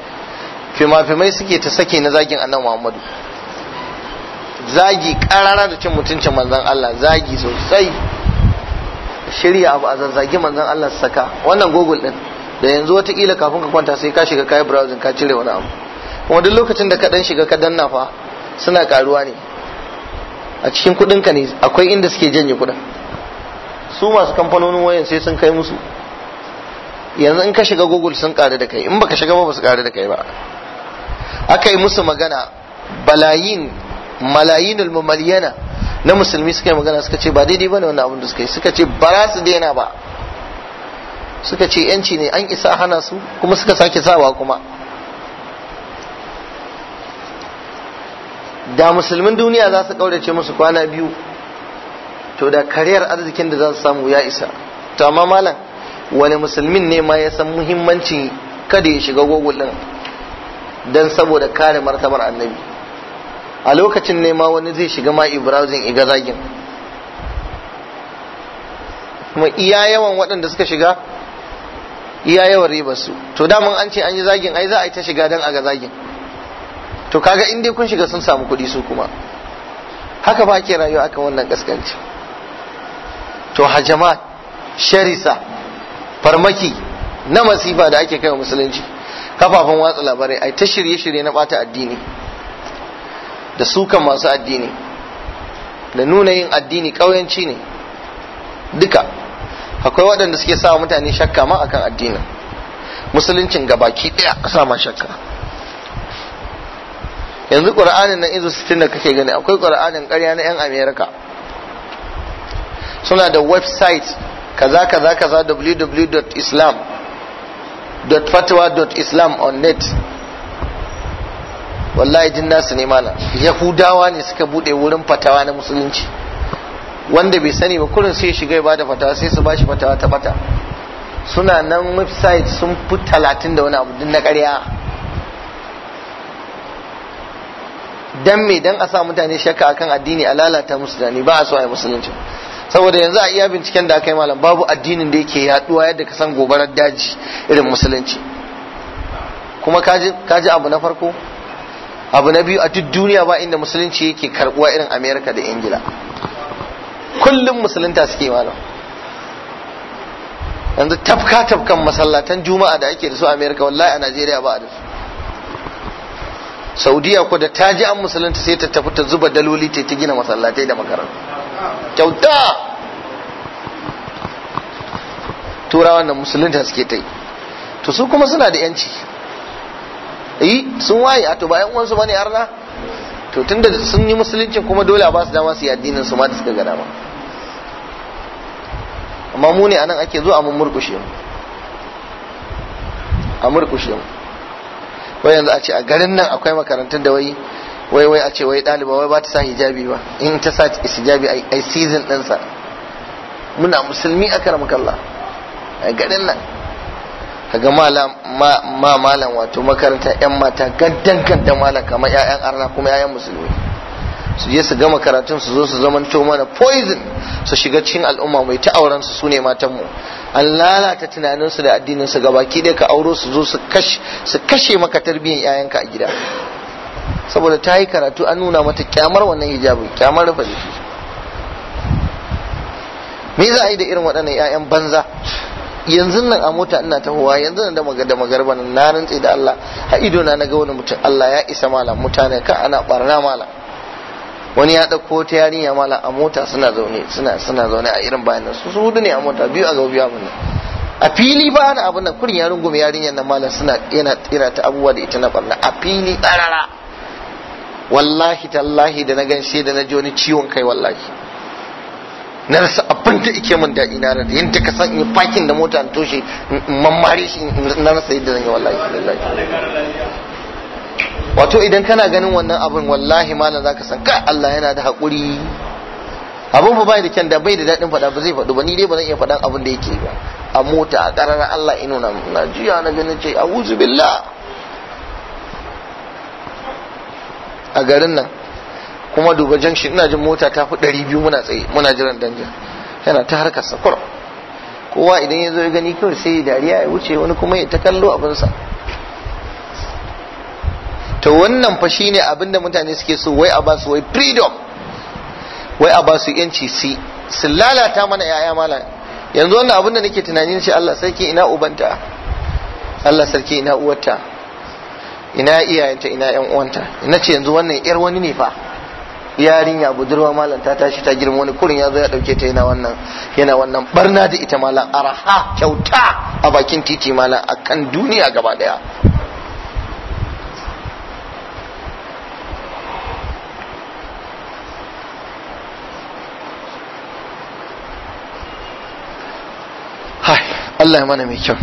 fima-fimai suke ta sake na zagin annan muhammadu zagi karara da cin mutuncin manzan Allah zagi sosai shirya abu a zazzagi manzan Allah su saka wannan google din da yanzu watakila kafin ka kwanta sai ka shiga kayi browsing ka cire wani abu kuma duk lokacin da ka dan shiga ka danna fa suna karuwa ne a cikin kudin ka ne akwai inda suke janye kudin su masu kamfanonin wayan sai sun kai musu yanzu in ka shiga google sun karu da kai in baka shiga ba su karu da kai ba aka yi musu magana balayin malayinul mumaliyana na musulmi suka yi magana suka ce ba daidai bane wannan abin da suka yi suka ce ba za su daina ba suka ce yanci ne an isa hana su kuma suka sake sawa kuma da musulmin duniya za su kaurace musu kwana biyu to da kariyar arzikin da za su samu ya isa to amma malam wani musulmin ne ma ya san muhimmancin kada ya shiga gogul din don saboda kare martabar annabi a lokacin ne ma wani zai shiga ma ibrazin iga zagin kuma iya yawan waɗanda suka shiga iya yawan ribar su to daman an ce an yi zagin ai za a yi ta shiga don a ga zagin to kaga in dai kun shiga sun samu kuɗi su kuma haka ba ke rayuwa akan wannan kaskanci to hajama, sharisa farmaki na masifa da ake kai wa musulunci kafafen watsa labarai ai ta shirye-shirye na bata addini da sukan masu addini da nuna yin addini ƙauyanci ne duka akwai waɗanda suke sa mutane shakka ma akan addinin musuluncin baki ɗaya sa ma shakka yanzu ƙur'anin na izu sittin da kake gani akwai ƙur'anin ƙarya na 'yan amerika suna da website kaza kaza kaza www.islam.fatwa.islam on net wallahi din nasu ne mana yahudawa ne suka bude wurin fatawa na musulunci wanda bai sani ba kurin sai shiga ba da fatawa sai su ba shi fatawa ta bata suna nan website sun fi talatin da wani abu din na ƙarya dan me dan a sa mutane shakka akan addini a lalata musu ba a so a yi musulunci saboda yanzu a iya binciken da aka yi malam babu addinin da yake yaduwa yadda ka san gobarar daji irin musulunci kuma kaji abu na farko abu na biyu a duk duniya ba inda musulunci yake karbuwa irin Amerika da ingila kullum musulunta suke malam yanzu tafka tafkan masallatan juma'a da ake da su Amerika, wallahi a najeriya ba a da su saudiya ko da ta ji an musulunta sai ta tafi ta zuba daloli ta ta gina masallatai da makarantu kyauta turawan nan musulunta suke ta yi to su kuma suna da yanci yi eh, sun waye a to ba yan uwansu bane arna to tunda sun yi musulunci kuma dole ba su dama su yi addinin su ma da suka ga dama amma mu ne anan ake zo a mun murkushe mu a murkushe mu wai yanzu a ce a garin nan akwai makarantun da wai wai wai a ce wai ɗaliba wai ba ta sa hijabi ba in ta sa hijabi ai season ɗinsa muna musulmi a karamkalla a garin nan kaga ma malam wato makaranta yan mata gaddan gaddan malam kamar ƴaƴan arna kuma ƴaƴan musulmi su je su gama karatun su zo su to mana poison su shiga cikin al'umma mai ta auren su sune matan mu an lalata tunanin su da addinin su gabaki dai ka auro su zo su kashe su kashe maka tarbiyyar ƴaƴanka a gida saboda ta yi karatu an nuna mata kyamar wannan hijabi kyamar rufe shi. me za a yi da irin waɗannan 'ya'yan banza yanzu nan a mota ina tahowa yanzu nan da maga da magarba na rantse da Allah ha ido na naga wani mutum Allah ya isa malam mutane ka ana barna malam wani ya dauko ta yarinya malam a mota suna zaune suna suna zaune a irin bayan su su hudu ne a mota biyu a gaba biyu abin a fili ba na abin nan kurin yarin yarinya yarinyar nan malam suna yana tsira ta abubuwa da ita na barna a fili karara wallahi tallahi da na gan da na ji wani ciwon kai wallahi na rasa abin da ike min daɗi na da yadda ka san in fakin da mota in toshe in shi na rasa yadda zan yi wallahi wato idan kana ganin wannan abin wallahi malam zaka san ka, Allah yana da haƙuri abin fa bai da kyan da bai da daɗin faɗa ba zai faɗu ba ni dai ba zan iya faɗan abin da yake ba a mota a ƙarara Allah ino na na jiya na ganin ce a billah a garin nan kuma duba junction ina jin mota ta fi ɗari biyu muna tsaye muna jiran danja yana ta harkar sa kowa idan ya zo ya gani kawai sai dariya ya wuce wani kuma ya ta kallo abinsa Ta wannan fa shine abin da mutane suke so wai a ba su wai freedom wai a ba su yanci si su lalata mana yaya mala yanzu wannan abin da nake tunanin shi Allah sarki ina ubanta Allah sarki ina uwarta ina iyayenta ina yan uwanta ina ce yanzu wannan yar wani ne fa yarinya budurwa malam ta tashi ta girma wani kurin ya zo ya dauke ta yana wannan yana wannan barna da ita malam araha kyauta a bakin titi malam akan duniya gaba daya Allah ya mana mai kyau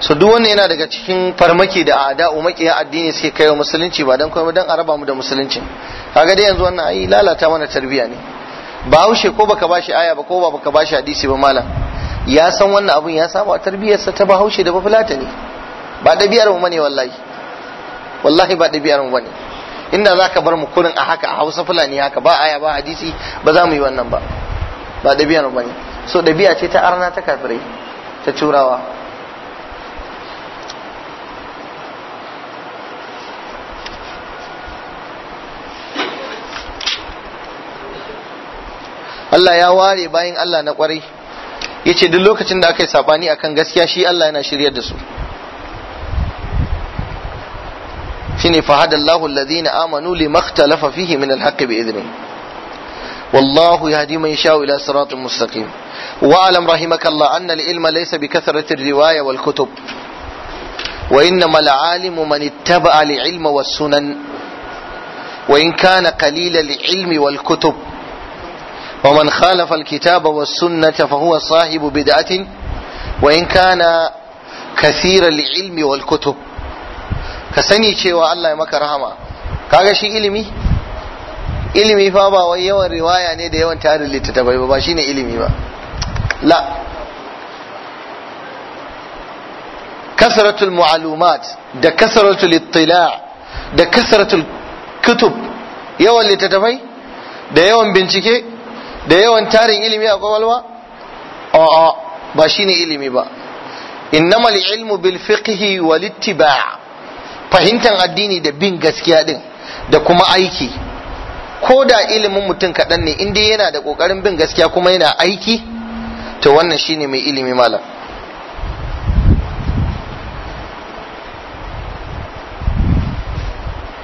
so duk wannan yana daga cikin farmaki da ada ya addini suke wa musulunci ba dan komai dan araba mu da musulunci kaga dai yanzu wannan ai lalata mana tarbiyya ne ba haushe ko baka bashi aya ba ko ba baka bashi hadisi ba malam ya san wannan abun ya saba tarbiyyarsa ta bahaushe da bafulata ne ba ɗabi'ar mu bane wallahi wallahi ba ɗabi'ar mu bane inda zaka bar mu kurin a haka a Hausa Fulani haka ba aya ba hadisi ba za mu yi wannan ba ba ɗabi'ar mu bane so ɗabi'a ce ta arna ta kafirai ta turawa Allah ya ware bayan Allah na kwarai yace duk lokacin da aka yi sabani akan gaskiya shi Allah yana shiryar da su shine fahada Fahadallahu alladhina amanu limakhtalafa fihi min alhaqqi bi idni wallahu yahdi man yasha'u ila siratin mustaqim wa alam rahimakallah anna al-ilma laysa bi kathrati riwaya wal kutub wa innama al-alimu man ittaba'a al-ilma was sunan wa kana qalila al-ilmi wal kutub ومن خالف الكتاب والسنة فهو صاحب بدعة وإن كان كثير العلم والكتب كسني cewa Allah ya maka rahama kaga shi ilimi ilimi fa ba wai yawan riwaya ne da yawan tarin littattafai ba ba shine ilimi ba la kasratul mu'alumat da kasratul ittila da kasratul kutub yawan littattafai da yawan bincike da yawan tarin ilimi a kwakwalwa a'a ba shine ilimi ba innamal ilmu bil fiqhi wal ittiba' fahimtar addini da bin gaskiya din da kuma aiki ko da ilimin mutum kaɗan ne in dai yana da ƙoƙarin bin gaskiya kuma yana aiki to wannan shine mai ilimi malam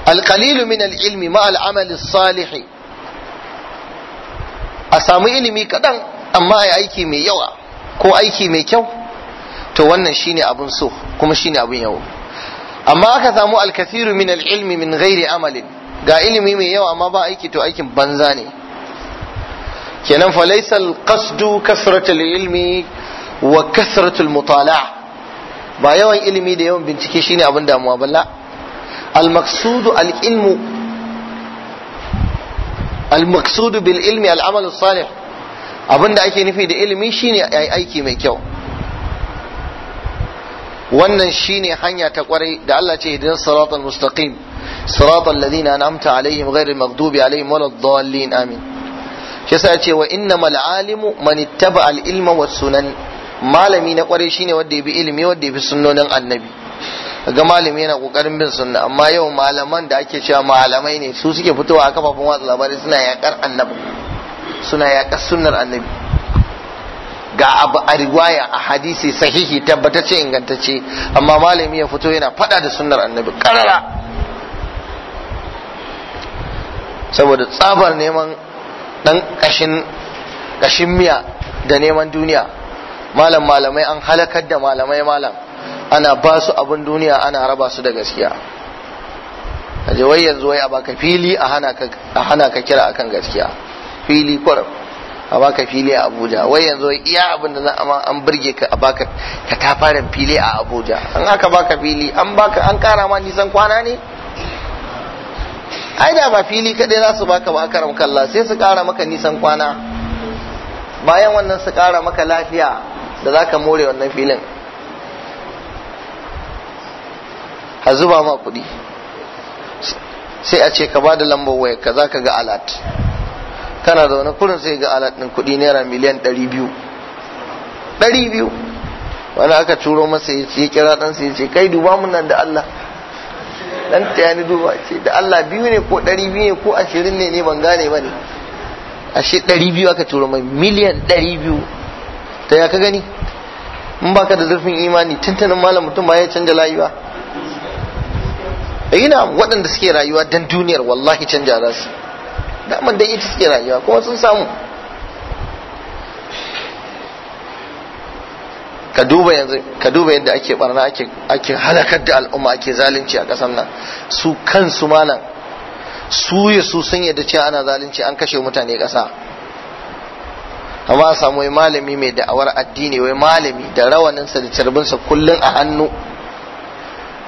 alƙalilu min ilmi ma al'amali salihi a samu ilimi kaɗan amma a aiki mai yawa ko aiki mai kyau to wannan shine abun so kuma shine abun yawo amma aka samu alkathiru min alilmi min ghairi amalin ga ilimi mai yawa amma ba aiki to aikin banza ne kenan fa laysa alqasdu kasratul ilmi wa kasratul mutala'a ba yawan ilimi da yawan bincike shine abin damuwa balla al maqsudu al ilmu al بالعلم bil ilmi al-amalu abinda ake nufi da ilimi shine aiki mai kyau wannan shine hanya ta kwarai da Allah ce hidin siratal mustaqim siratal ladina an'amta alaihim ghairil maghdubi alaihim waladdallin amin shi yasa ce wa innamal alimu man ittaba al ilma was sunan malami na kwarai shine wanda ya bi ilimi wanda ya bi sunnonin annabi ga malami yana kokarin bin sunna amma yau malaman da ake cewa malamai ne su suke fitowa a kafafen watsa labarai suna yakar annabi suna yakar sunnar annabi ga abu a riwaya a hadisi sahihi tabbatacce ingantacce amma malami ya fito yana fada da sunnar annabi karara saboda tsabar neman dan kashin kashin miya da neman duniya malam malamai an halakar da malamai malam ana ba su abin duniya ana raba su da gaskiya aje wai yanzu wai a baka fili a hana ka kira akan gaskiya fili kwarar a baka fili a abuja wai yanzu wai iya abin da an birge ka a baka ka ta fara fili a abuja an aka baka fili an baka an kara ma nisan kwana ne ai da ba fili kadai za su baka ba karam kalla sai su kara maka nisan kwana bayan wannan su kara maka lafiya da zaka more wannan filin a zuba ma kuɗi sai a ce ka ba da lambar waya ka za ka ga alat kana da wani kurin sai ga alat ɗin kuɗi naira miliyan ɗari biyu ɗari biyu wani aka turo masa ya ce kira ɗansa ya ce kai duba mun nan da Allah dan ta yani duba ce da Allah biyu ne ko ɗari biyu ne ko ashirin ne ne ban gane ba ne ashe ɗari biyu aka turo mai miliyan ɗari biyu ta ya ka gani in baka da zurfin imani tantanin malam mutum ba ya canja layi ba ina waɗanda suke rayuwa don duniyar wallahi canja za su daman dai ita suke rayuwa kuma sun samu ka duba yadda ake barna ake ake halakar da al'umma ake zalunci a ƙasar nan su kansu malam su ya su sun yadda cewa ana zalunci an kashe mutane ƙasa amma a samu wai malami mai da'awar addini wai malami da rawaninsa da carbinsa kullum a hannu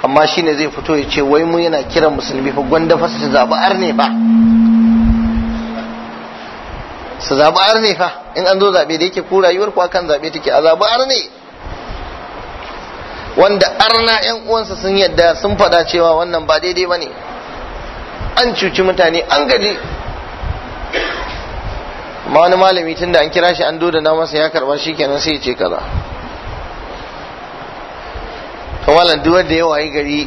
amma shi ne zai fito ya ce wai mu yana kiran musulmi fa gwanda fa su zaɓi arne fa su zaɓi arne fa in an zo zaɓe da yake ku rayuwar ku akan zaɓe take a zaɓi arne wanda arna yan uwansa sun yadda sun faɗa cewa wannan ba daidai ba ne an cuci mutane an gaji ma wani malami tun da an kira shi an dodana masa ya karba shi kenan sai ya ce kaza kamalan duk wanda ya wayi gari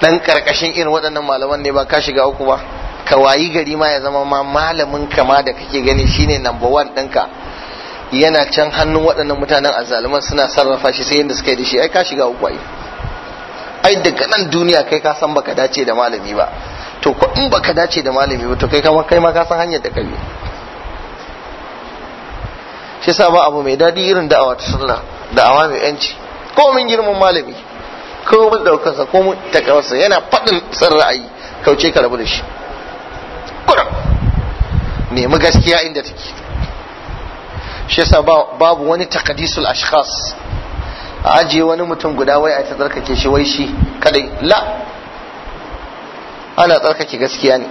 dan karkashin irin waɗannan malaman ne ba ka shiga uku ba ka wayi gari ma ya zama ma malamin kama da kake gani shine number one ɗinka yana can hannun waɗannan mutanen azzaluman suna sarrafa shi sai yadda suka yi da shi ai ka shiga uku ai ai daga nan duniya kai ka san baka dace da malami ba to ko in baka dace da malami ba to kai kama kai ma ka san hanyar da ka bi shi sa ba abu mai dadi irin da'awa ta sunna da'awa mai yanci ko mun girman malami ko mun daukarsa ko mun takarsa yana faɗin san ra'ayi kauce ka rabu da shi kuran nemi gaskiya inda take shi yasa babu wani takadisul ashkhas a ajiye wani mutum guda wai a ta tsarkake shi wai shi kadai la ana tsarkake gaskiya ne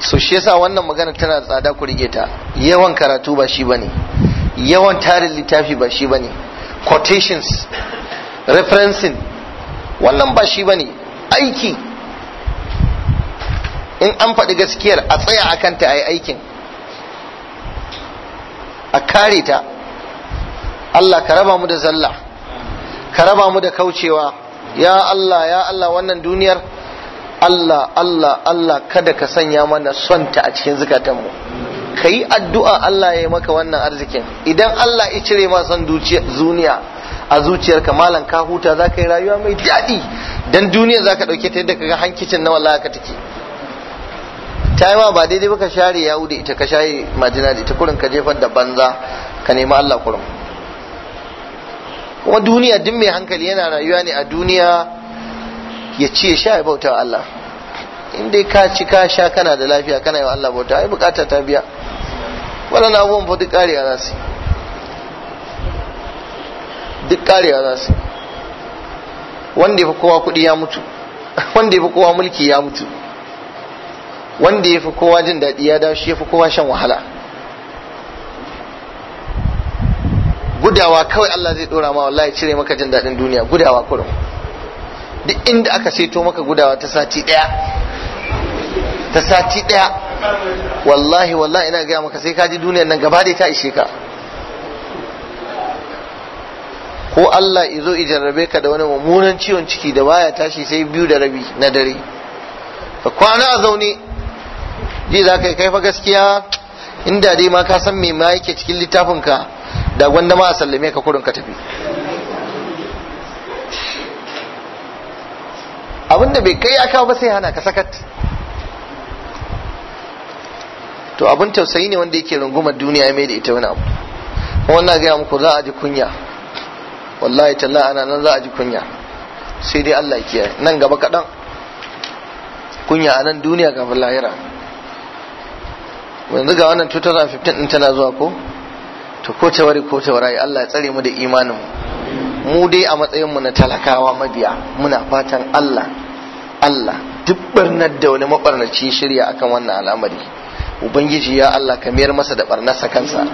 so shi yasa wannan magana tana tsada ku rige ta yawan karatu ba shi bane yawan tarin littafi ba shi bane quotations referencing wannan ba shi bane aiki in an faɗi gaskiyar a tsaya a kanta a yi aikin a kare ta Allah ka raba mu da zalla ka raba mu da kaucewa ya Allah ya Allah wannan duniyar Allah Allah Allah kada ka sanya mana sonta a cikin zukatanmu ka yi addu'a Allah ya yi maka wannan arzikin idan Allah ya cire ma son a zuciyarka malam ka huta za ka yi rayuwa mai daɗi don duniya za ka ɗauke ta yadda ka ga hankicin na wallah ka take ta yi ma ba daidai ba ka share yawu da ita ka share majina da ita kurin ka jefar da banza ka nemi Allah kurin kuma duniya duk mai hankali yana rayuwa ne a duniya ya ci ya sha ya bauta Allah in dai ka ci ka sha kana da lafiya kana yi wa Allah bauta ai bukata ta biya waɗannan abubuwan fa duk ƙariya za su duk ƙariya za su wanda ya fi kowa kuɗi ya mutu wanda ya fi kowa mulki ya mutu wanda ya fi kowa jin daɗi ya dashi ya fi kowa shan wahala gudawa kawai Allah zai ɗora ma wallahi cire maka jin daɗin duniya gudawa kurum duk inda aka seto maka gudawa ta sati ɗaya ta sati ɗaya wallahi wallahi ina gaya maka sai kaji duniyar nan gaba da ta ishe ka ko Allah izo i jarrabe ka da wani mummunan ciwon ciki da baya tashi sai biyu da rabi na dare ka kwana a zaune ji za ka yi fa gaskiya inda dai ma ka san me ma yake cikin littafin ka da gwanda ma a sallame ka kurin ka tafi abinda bai kai aka ba sai hana ka sakat to abin tausayi ne wanda yake rungumar duniya ya mai da ita wani abu wannan gaya muku za a ji kunya wallahi talla ana nan za a ji kunya sai dai Allah ya kiyaye nan gaba kaɗan kunya a nan duniya kafin lahira yanzu ga wannan 2015 din tana zuwa ko to ko ta wari ko ta warayi Allah ya tsare mu da imanin mu mu dai a matsayin mu na talakawa mabiya muna fatan Allah Allah duk nan da wani mabarnaci shirya akan wannan al'amari ubangiji ya Allah ka mayar masa da barnarsa kansa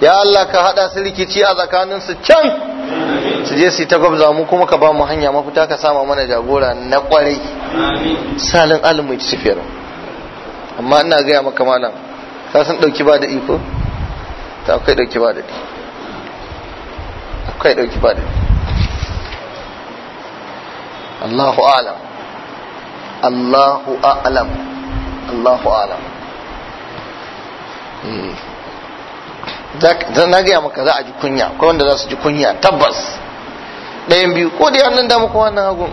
ya Allah ka hada su rikici a tsakanin su can su je su yi ta gwabza mu kuma ka ba mu hanya mafita ka sama mana jagora na kwarai salin alimu ci amma ina gaya maka malam ka san dauki ba da iko ta akwai dauki ba da akwai dauki ba da Allahu a'lam Allahu a'lam Allahu alam eh. zan na gaya maka za a ji kunya kuma wanda za su ji kunya tabbas ɗayan biyu ko dai annan da muku wannan hagu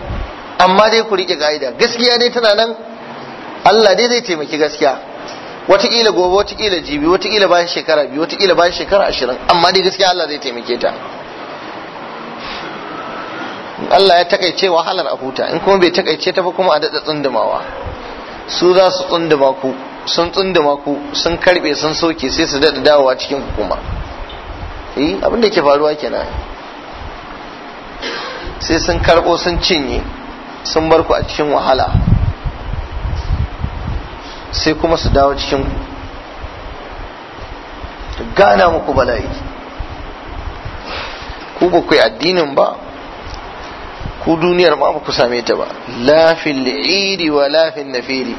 amma dai ku riƙe ga'ida gaskiya dai tana nan Allah dai zai taimaki gaskiya wataƙila gobe wataƙila jibi wataƙila bayan shekara biyu wataƙila bayan shekara ashirin amma dai gaskiya Allah zai taimake ta Allah ya takaice wahalar a huta in kuma bai takaice ta ba kuma a daɗa tsundumawa su za su tsunduma ku sun tsunduma ku sun karbe sun soke sai su daɗa dawowa cikin hukuma. kuma eh abin da ke faruwa kenan sai sun karbo sun cinye sun bar ku a cikin wahala sai kuma su dawo cikin ku gana muku bala'i ku ba ku yi addinin ba ku duniyar ma ku same ta ba Lafin fil wa lafin fil nafiri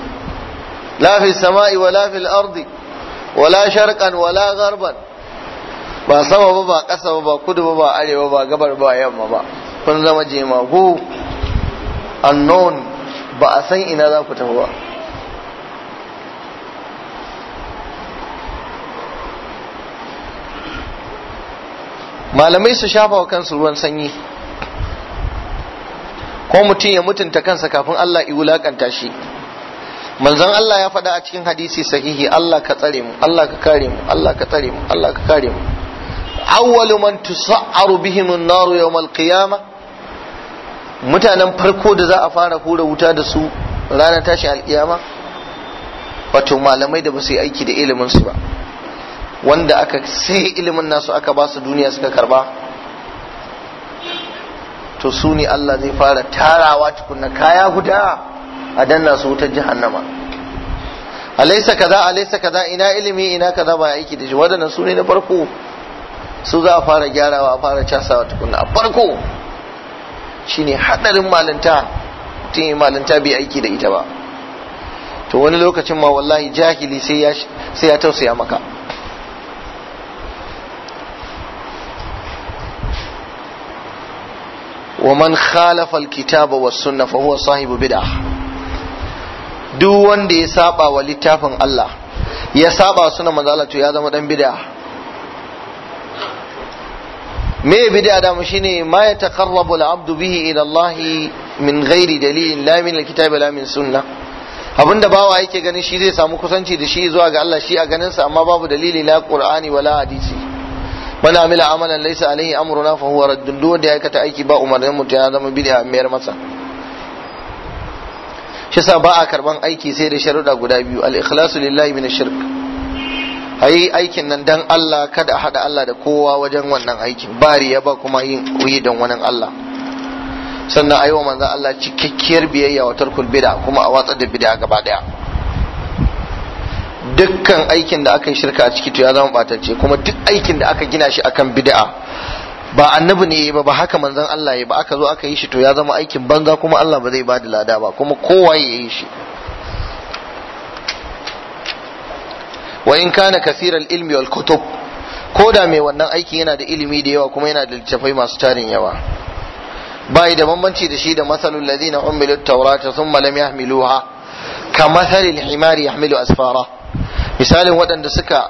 Lafin sama'i wa lafin fil ardi wa la sharqan wa gharban ba sama ba ba ƙasa ba ba kudu ba ba arewa ba gabar ba yamma ba kun zama jemagu unknown ba a san ina za ku tafi ba malamai su shafa wa kansu ruwan sanyi ko mutum ya mutunta kansa kafin Allah ya wulakanta shi manzon Allah ya faɗa a cikin hadisi sahihi Allah ka tsare mu Allah ka kare mu Allah ka tsare mu Allah ka kare mu awwalu man tus'aru bihim an-nar yawm al-qiyamah mutanen farko da za a fara hura wuta da su ranar tashi alkiyama wato malamai da ba su yi aiki da ilimin su ba wanda aka sai ilimin nasu aka ba su duniya suka karba to su ne Allah zai fara tarawa tukunna kaya guda a danna su wutar jahannama alaisa kaza alaisa kaza ina ilimi ina kaza ba aiki da shi wadannan su ne na farko su za a fara gyarawa a fara casawa tukunna a farko shine hadarin malinta mutum ya malinta bai aiki da ita ba to wani lokacin ma wallahi jahili sai ya tausaya maka wa خالف الكتاب والسنة فهو صاحب بدعة duk wanda ya saba wa littafin Allah ya saba suna manzala ya zama dan bid'a me bid'a da shine ma ya taqarrabu al-abdu bihi ila min gairi dalilin la min al-kitabi la min sunna abinda bawa yake ganin shi zai samu kusanci da shi zuwa ga Allah shi a ganin sa amma babu dalili la qur'ani wala hadisi man amila amalan laysa alayhi amruna fa huwa raddun duk wanda ya aikata aiki ba umarnin mutum ya zama bid'a mayar masa shi sa ba a karban aiki sai da sharuda guda biyu al-ikhlasu lillahi min ash-shirk ayi aikin nan dan Allah kada hada Allah da kowa wajen wannan aiki ba riya ba kuma yin kuyi dan wannan Allah sannan ayi wa manzan Allah cikakkiyar biyayya wa tarkul bid'a kuma a watsar da bid'a gaba daya dukkan aikin da aka yi shirka a ciki to ya zama batacce kuma duk aikin da aka gina shi akan bid'a ba annabi ne ba ba haka manzon Allah ya ba aka zo aka yi shi to ya zama aikin banza kuma Allah ba zai bada lada ba kuma kowa ya yi shi wa in kana kasiral ilmi wal kutub ko da mai wannan aikin yana da ilimi da yawa kuma yana da littafai masu tarin yawa bai da bambanci da shi da masalul ladina umilut tawrata thumma lam yahmiluha ka masalil himari yahmilu asfara misalin waɗanda suka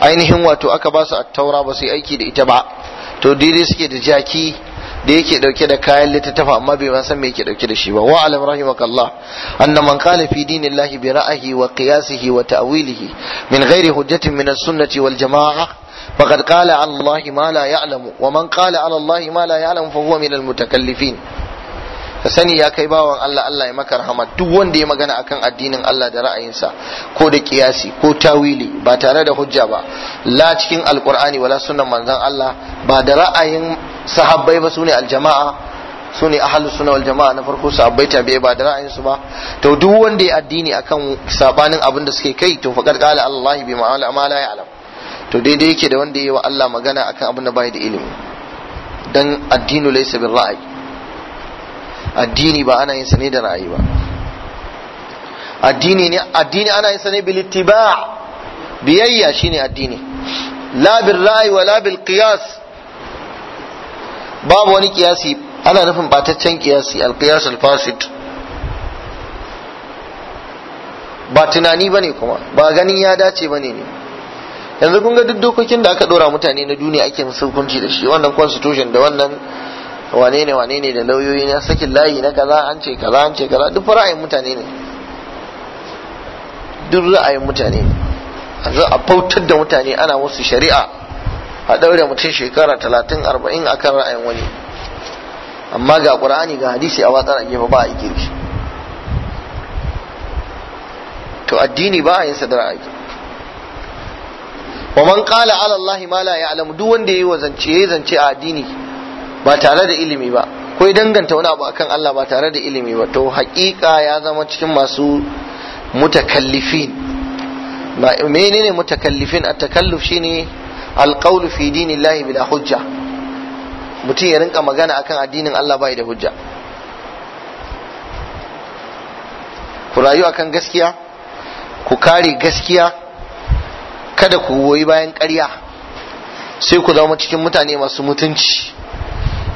ainihin wato aka ba su attaura ba su yi aiki da ita ba to daidai suke da jaki da yake dauke da kayan littattafa amma bai ma san me yake dauke da shi ba wa alam rahimakallah anna man qala fi dinillahi bi ra'ahi wa qiyasihi wa ta'wilihi min ghairi hujjatin min as-sunnati wal jama'ah faqad qala 'ala Allah ma la ya'lamu wa man qala 'ala Allah ma la ya'lamu fa huwa min al-mutakallifin ka sani ya kai bawan Allah Allah ya maka rahama duk wanda ya magana akan addinin Allah da ra'ayinsa ko da kiyasi ko tawili ba tare da hujja ba la cikin alqur'ani wala sunnan manzon Allah ba da ra'ayin sahabbai ba sune aljama'a sune ahlus sunna wal jama'a na farko sahabbai tabi'ai ba da ra'ayinsu ba to duk wanda ya addini akan sabanin abin da suke kai to faqad qala Allah bi ma'ala ma la ya'lam to daidai yake da wanda ya yi wa Allah magana akan abin da bai da ilimi dan addinu laysa bil ra'ayi addini ba ana yin sa ne da ra'ayi ba addini ne addini ana yin sa ne bil ittiba biyayya shine addini la bil ra'yi wa la bil qiyas babu wani kiyasi ana nufin bataccen kiyasi al qiyas al fasid ba tunani bane kuma ba ganin ya dace bane ne yanzu kun ga duk dokokin da aka dora mutane na duniya ake musu hukunci da shi wannan constitution da wannan wane ne wane ne da lauyoyi na sakin layi na kaza an ce kaza an ce kaza duk ra'ayin mutane ne duk ra'ayin mutane ne a zo a bautar da mutane ana musu shari'a a ɗaure mutum shekara talatin arba'in akan ra'ayin wani amma ga ƙura'ani, ga hadisi a watsar a gefe ba a shi to addini ba a yin sa da ra'ayi wa man ƙala ala Allah ma la alamu duk wanda yayi wazance zance a addini ba tare da ilimi ba ko danganta wani abu akan Allah ba tare da ilimi ba to haƙiƙa ya zama cikin masu mutakallifin ba menene mutakallifin at-takalluf shine al-qawl fi dinillahi bila hujja mutum ya rinka magana akan addinin Allah bai da hujja ku rayu akan gaskiya ku kare gaskiya kada ku goyi bayan ƙarya sai ku zama cikin mutane masu mutunci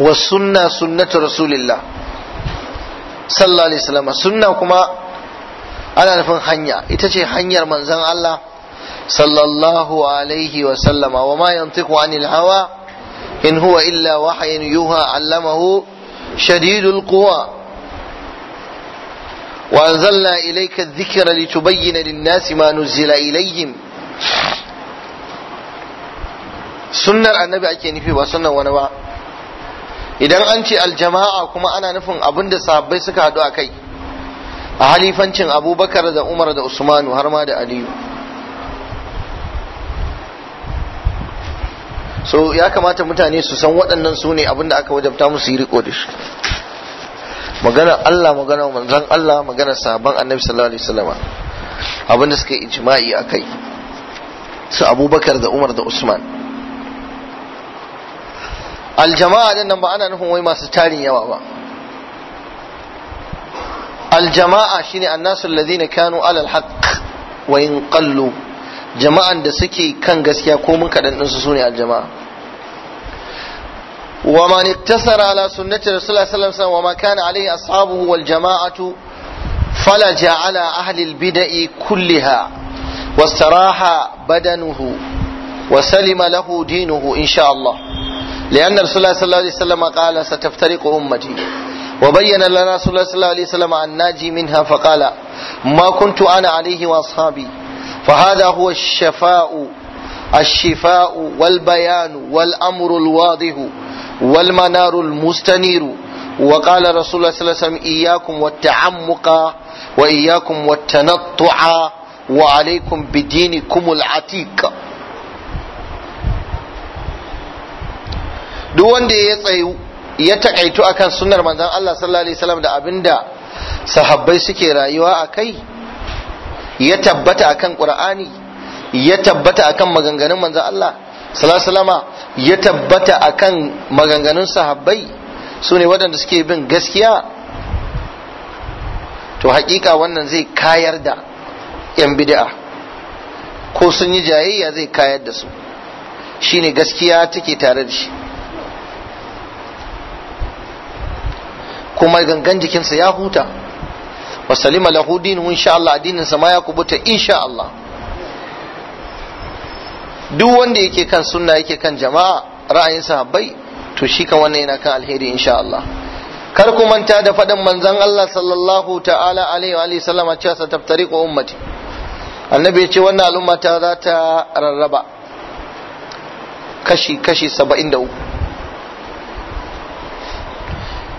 Wasunna sunna sunnatu rasulillah sallallahu alaihi wasallam sunna kuma ana nufin hanya ita ce hanyar manzon Allah sallallahu alaihi wasallam wa ma yantiqu anil hawa in huwa illa wahyin yuha allamahu shadidul quwa wa anzalna ilayka adh-dhikra litubayyana lin-nasi ma nuzila ilayhim sunnar annabi ake nufi ba sunnar wani ba idan an ce aljama'a kuma ana nufin abin da sahabbai suka haɗu a kai a halifancin abubakar da umar da usmanu har ma da aliyu so ya kamata mutane su san waɗannan su ne abin da aka wajabta musu yi riko da shi maganar Allah maganar manzan Allah maganar sahabban annabi sallallahu alaihi wasallam abin da suka yi ijma'i akai su abubakar da umar da usman aljama'a din nan ba ana nufin wai masu tarin yawa ba aljama'a shine annasu alladhina kanu alal haqq wa in qallu jama'an da suke kan gaskiya ko mun kadan din su sune aljama'a wa man ittasara ala sunnati rasulullah sallallahu alaihi wasallam wa ma kana alaihi ashabuhu wal jama'atu fala ja'ala ahli al bid'i kullaha واستراح بدنه وسلم له دينه إن شاء لأن رسول الله صلى الله عليه وسلم قال ستفترق أمتي وبين لنا رسول الله صلى الله عليه وسلم الناجي منها فقال ما كنت أنا عليه وأصحابي فهذا هو الشفاء الشفاء والبيان والأمر الواضح والمنار المستنير وقال رسول الله صلى الله عليه وسلم إياكم والتعمق وإياكم والتنطع وعليكم بدينكم العتيق duk wanda ya tsayu ya takaitu akan sunnar manzon Allah sallallahu alaihi wasallam da abinda sahabbai suke rayuwa a kai, ya tabbata akan qur'ani ya tabbata akan maganganun manzon Allah sallallahu alaihi ya tabbata akan maganganun sahabbai su ne waɗanda suke bin gaskiya to hakika wannan zai kayar da 'yan bid'a ko sun yi jayayya zai kayar da su shine gaskiya take tare da shi kuma gangan jikinsa ya huta wa salima lahu dinu insha Allah addinin sa ma ya kubuta insha Allah duk wanda yake kan sunna yake kan jama'a ra'ayin sahabbai to shi kan wannan yana kan alheri insha Allah kar ku manta da faɗin manzon Allah sallallahu ta'ala alaihi wa sallama cewa sa taftariqu ummati annabi ya ce wannan al'umma ta za ta rarraba kashi kashi 73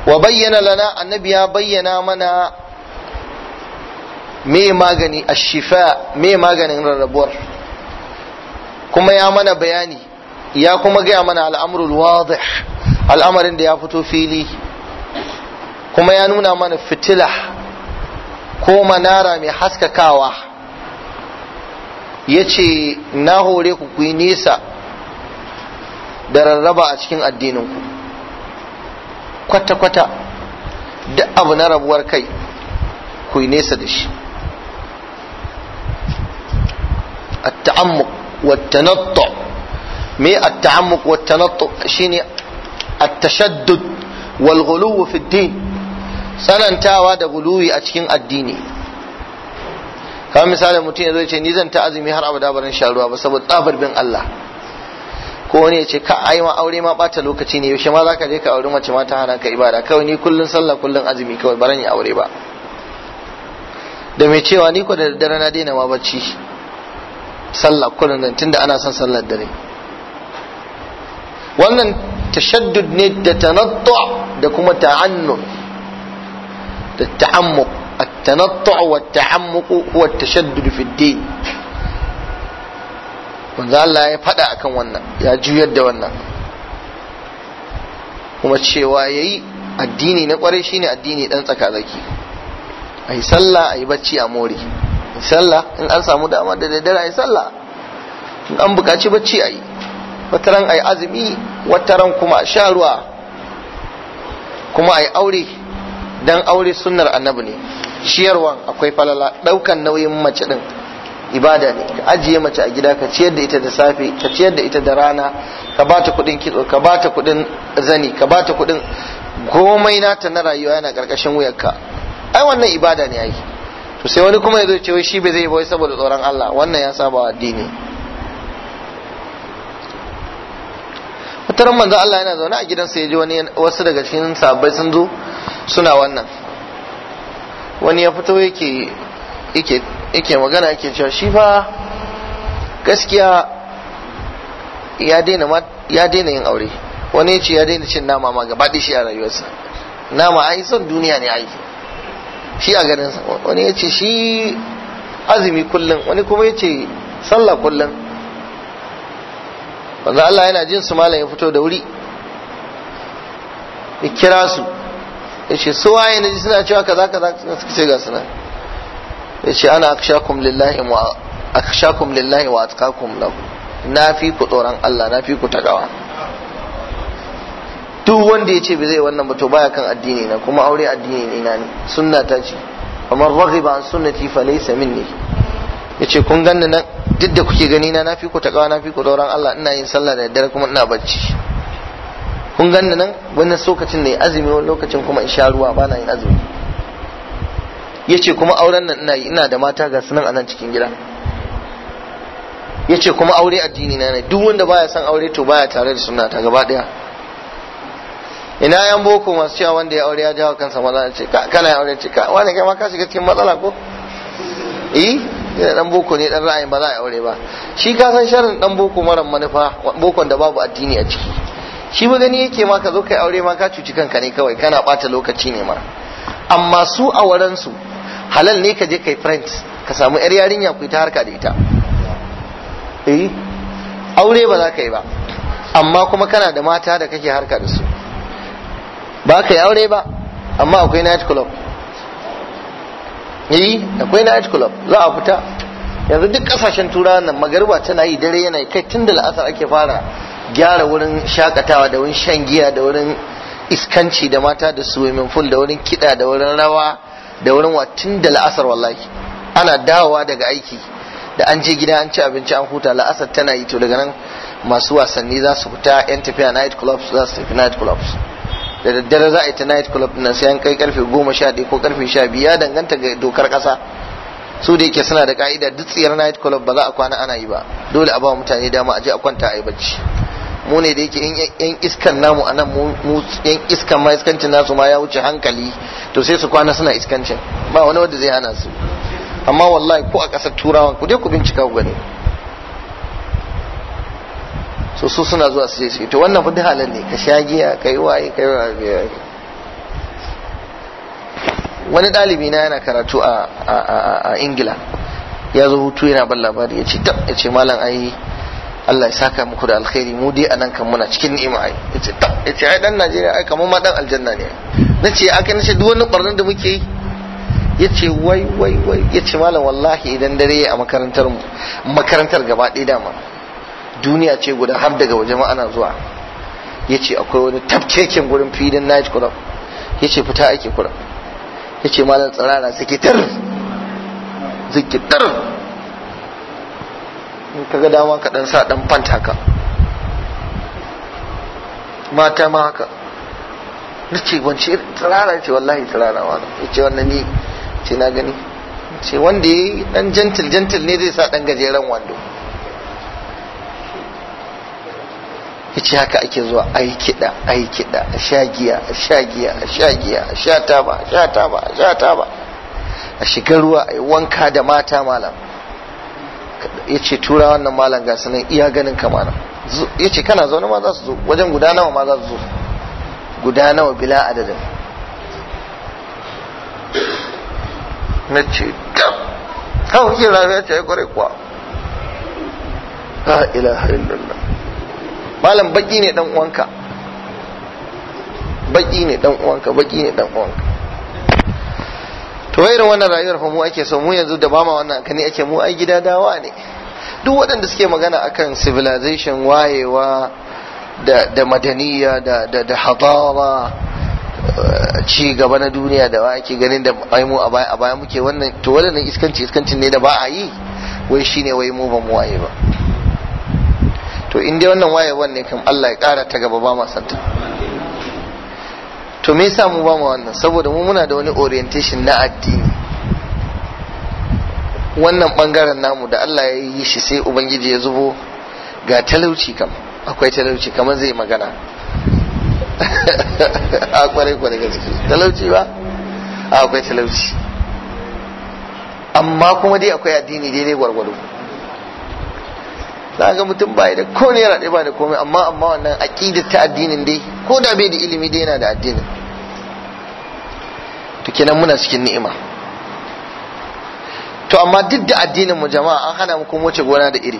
wa bayyana lana annabi ya bayyana mana me magani ashifa me maganin rarrabuwar kuma ya mana bayani ya kuma gaya mana al'amrul wadih al'amarin da ya fito fili kuma ya nuna mana fitila ko manara mai haskakawa ya ce na hore ku ku yi nesa da rarraba a cikin addininku kwata-kwata duk abu na rabuwar kai ku yi nesa da shi التعمق والتنطع ما التعمق والتنطع شيني a والغلو في الدين tsanantawa da guluwi a cikin addini kamar misali mutum ya zo ce ni zan ta azumi har abu baran sha ruwa ba saboda tsabar bin Allah ko wani ya ce ka ai ma aure ma bata lokaci ne yaushe ma zaka je ka auri mace ma ta hana ka ibada kawai ni kullun sallah kullun azumi kawai baran ni aure ba da mai cewa ni ko da daddare na daina ma bacci sallah kullun nan tunda ana son sallar dare wannan tashaddud ne da tanattu da kuma ta'annu da ta'ammuq at-tanattu wa at-ta'ammuq huwa at-tashaddud fi manzo Allah ya faɗa akan wannan ya juyar da wannan kuma cewa yayi addini na kwarai shine addini dan tsakazaki a yi sallah a yi bacci a more sallah in an samu dama da daddare a yi sallah in an buƙaci bacci a yi wataran a yi azumi wataran kuma a sha ruwa kuma a yi aure dan aure sunnar annabi ne shiyarwan akwai falala ɗaukan nauyin mace ɗin ibada ne ka ajiye mace a gida ka ciyar da ita da safe ka ciyar da ita da rana ka bata kudin kitso ka bata kudin zani ka bata kudin komai nata na rayuwa yana karkashin wuyarka ai wannan ibada ne ai to sai wani kuma ya zo cewa shi bai zai bai saboda tsoron Allah wannan ya saba wa addini wataran manzo Allah yana zaune a gidansa ya ji wani wasu daga cikin sahabbai sun zo suna wannan wani ya fito yake yake yake magana yake cewa shi fa gaskiya ya daina yin aure wani ce ya daina cin nama ma gaba shi a rayuwarsa nama ai son duniya ne ai shi a ganin wani ya ce shi azumi kullum wani kuma ya ce sallah kullum wanda Allah yana jin su malam ya fito da wuri ya kira su ya ce su waye na ji suna cewa kaza kaza suka ce ga su nan yace ana akshakum lillahi wa akshakum lillahi wa atqakum lahu na fi ku tsoron Allah na fi ku tagawa duk wanda yace bai zai wannan ba to baya kan addini na kuma aure addini ne na ne sunna ta ce amma raghiba an sunnati fa laysa minni yace kun ganni nan duk da kuke gani na fi ku tagawa na fi ku tsoron Allah ina yin sallah da daddare kuma ina bacci kun ganni nan wannan lokacin ne azumi wani lokacin kuma in sha ruwa ba na yin azumi yace kuma auren nan ina yi ina da mata ga sunan anan cikin gida yace kuma aure addini na ne duk wanda baya son aure to baya tare da sunna ta gaba daya ina yan boko masu cewa wanda ya aure ya jawo kansa matsala ce kana ya aure ce ka wani kai ma ka shiga cikin matsala ko eh ina dan boko ne dan ra'ayin ba za a aure ba shi ka san sharrin dan boko maran manufa bokon da babu addini a ciki shi ba gani yake ma ka zo kai aure ma ka cuci kanka ne kawai kana bata lokaci ne ma amma su a waransu su halal ne ka je kai friends ka samu yar yarinya ku ta harka da ita eh aure ba za ka yi ba amma kuma kana da mata da kake harka da su ba ka yi aure ba amma akwai night club eh akwai night club za a fita yanzu duk kasashen turawa nan magariba tana yi dare yana kai tun da la'asar ake fara gyara wurin shakatawa da wurin shan giya da wurin iskanci da mata da swimming pool da wurin kiɗa da wurin rawa da wurin wa tun da la'asar wallahi ana dawowa daga aiki da an je gida an ci abinci an huta la'asar tana yi to daga nan masu wasanni za su fita yan tafiya night clubs za su tafi night clubs da daddare za a yi ta night club na sayan an kai karfe goma sha ɗaya ko karfe sha biyu ya danganta ga dokar ƙasa su da yake suna da ka'ida duk tsiyar night club ba za a kwana ana yi ba dole a ba mutane dama a je a kwanta a yi bacci mu ne da yake yan iskan namu anan mu yan iskan ma iskancin nasu ma ya wuce hankali to sai su kwana suna iskancin ba wani wanda zai hana su amma wallahi ko a ƙasar turawan ku dai ku bincika ku gani so su suna zuwa su je to wannan fa halal ne ka sha giya ka yi waye ka yi wani ɗalibi na yana karatu a a ingila ya zo hutu yana ban labari ya ce tab ya ce malam ai Allah ya saka muku da alkhairi mu dai anan kan muna cikin ni'ima ai yace ta yace ai dan Najeriya ai kamar ma dan aljanna ne nace aka nace duk wani barnan da muke yi yace wai wai wai yace malam wallahi idan dare a makarantar mu makarantar gaba ɗaya dama duniya ce guda har daga waje ma ana zuwa yace akwai wani tafkeken gurin filin night club yace fita ake kura yace malam na suke tar suke tar in kaga dama ka dan sa dan fanta ka mata ma haka nace wance tsirara ce wallahi tsirara wa ce wannan ni ce na gani ce wanda yi dan gentle gentle ne zai sa dan gajeren wando ce haka ake zuwa ai kiɗa ai kiɗa a sha giya a sha giya a sha giya a sha taba a sha taba a sha taba a shiga ruwa a yi wanka da mata malam ya ce tura wannan malam ga sanin iya ganin kamana ya ce kana zaune ma za su zo wajen guda nawa ma za su zo guda nawa bila adadin na ce gab hau rafi ya ce ya kware kuwa ila harin illallah malam baki ne dan uwanka baki ne dan uwanka baki ne dan uwanka to irin wannan rayuwar fa mu ake so mu yanzu da bama wannan kani ake mu ai gida dawa ne duk waɗanda suke magana akan civilization wayewa da da madaniya da da da hadara eh, ci gaba na duniya da ake ganin da ai mu a baya a baya muke wannan to waɗannan iskanci iskancin ne da ba a yi wai shine wai mu ba mu waye ba to in wannan wayewan ne kam Allah ya kara ta gaba ba ma santa to me yasa mu ba mu wannan saboda mu muna da wani orientation na addini wannan bangaren namu da Allah ya yi shi sai ubangiji ya zubo ga talauci kam akwai talauci kamar zai magana a kwarai kwarai gaske talauci ba akwai talauci amma kuma dai akwai addini daidai gwargwado za ga mutum bai da ko ne ɗaya ba da komai amma amma wannan aqidar ta addinin dai ko da bai da ilimi dai yana da addinin to kenan muna cikin ni'ima to amma duk da addinin mu jama'a an hana mu kuma wace gona da iri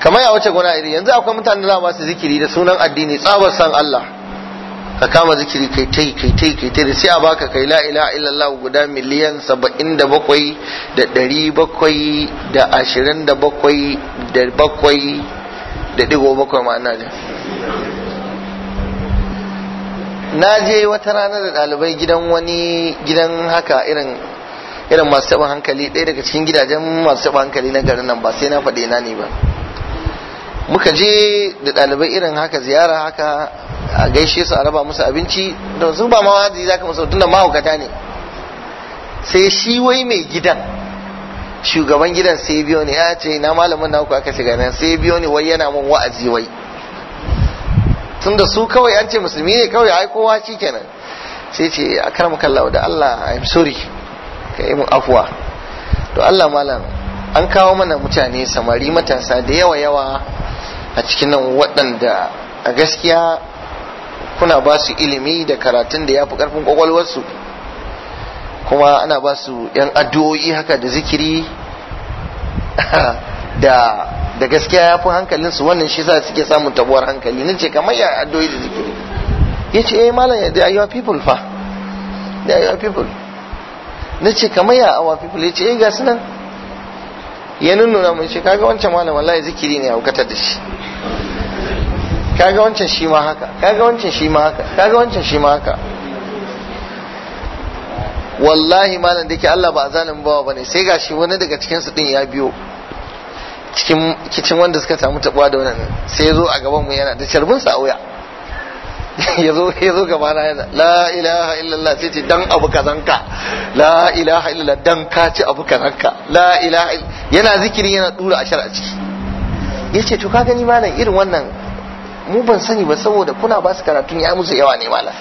kamar ya wace gona iri yanzu akwai mutanen da ba su zikiri da sunan addini tsabar san Allah ka kama zikiri kai ta yi kai ta yi kai ta sai a baka kai la illa illallah guda miliyan saba'in da bakwai da ɗari bakwai da ashirin da bakwai da bakwai da ɗigo bakwai ma'ana da na je wata rana da ɗalibai gidan wani gidan haka irin irin masu taɓa hankali ɗaya daga cikin gidajen masu taɓa hankali na garin nan ba sai na faɗi na ne ba muka je da ɗalibai irin haka ziyara haka a gaishe su a raba musu abinci da su ba ma wazi zaka musu tunda mahaukata ne sai shi wai mai gidan shugaban gidan sai biyo ne ya ce na malamin naku aka shiga nan sai biyo ne wai yana mun wa'azi wai tunda su kawai an ce musulmi ne kawai ai kowa shi kenan sai ce a karmu kallawa da Allah I'm sorry ka yi mun afuwa to Allah malam an kawo mana mutane samari matasa da yawa yawa a cikin nan waɗanda a gaskiya kuna ba su ilimi da karatun da ya fi ƙarfin ƙwaƙwalwarsu kuma ana ba su ‘yan addu'o'i haka da zikiri da da gaskiya ya fi hankalinsu wannan shi sa suke samun tabuwar hankali ce kamar ya addu'o'i da zikiri ya ce eh malam ya da ayyuwa people fa da ayyuwa people ce kamar ya awa people ya ce eh ga sunan ya nunnuna mun ce kaga wancan malam wallahi zikiri ne ya hukatar da shi kaga wancan shi ma haka kaga wancan shi ma haka kaga wancan shi ma haka wallahi malam dake Allah ba zalim bawa bane sai gashi wani daga cikin su din ya biyo cikin kicin wanda suka samu tabuwa da wannan sai yazo a gaban mu yana da sharbin sa auya ya zo gaba na yana la ilaha illallah sai ce dan abu kazanka la ilaha illallah dan ka ci abu kazanka la ilaha yana zikirin yana dura ashar a ciki yace to ka gani malam irin wannan mu ban sani ba saboda kuna ba su karatun ya musu yawa ne mala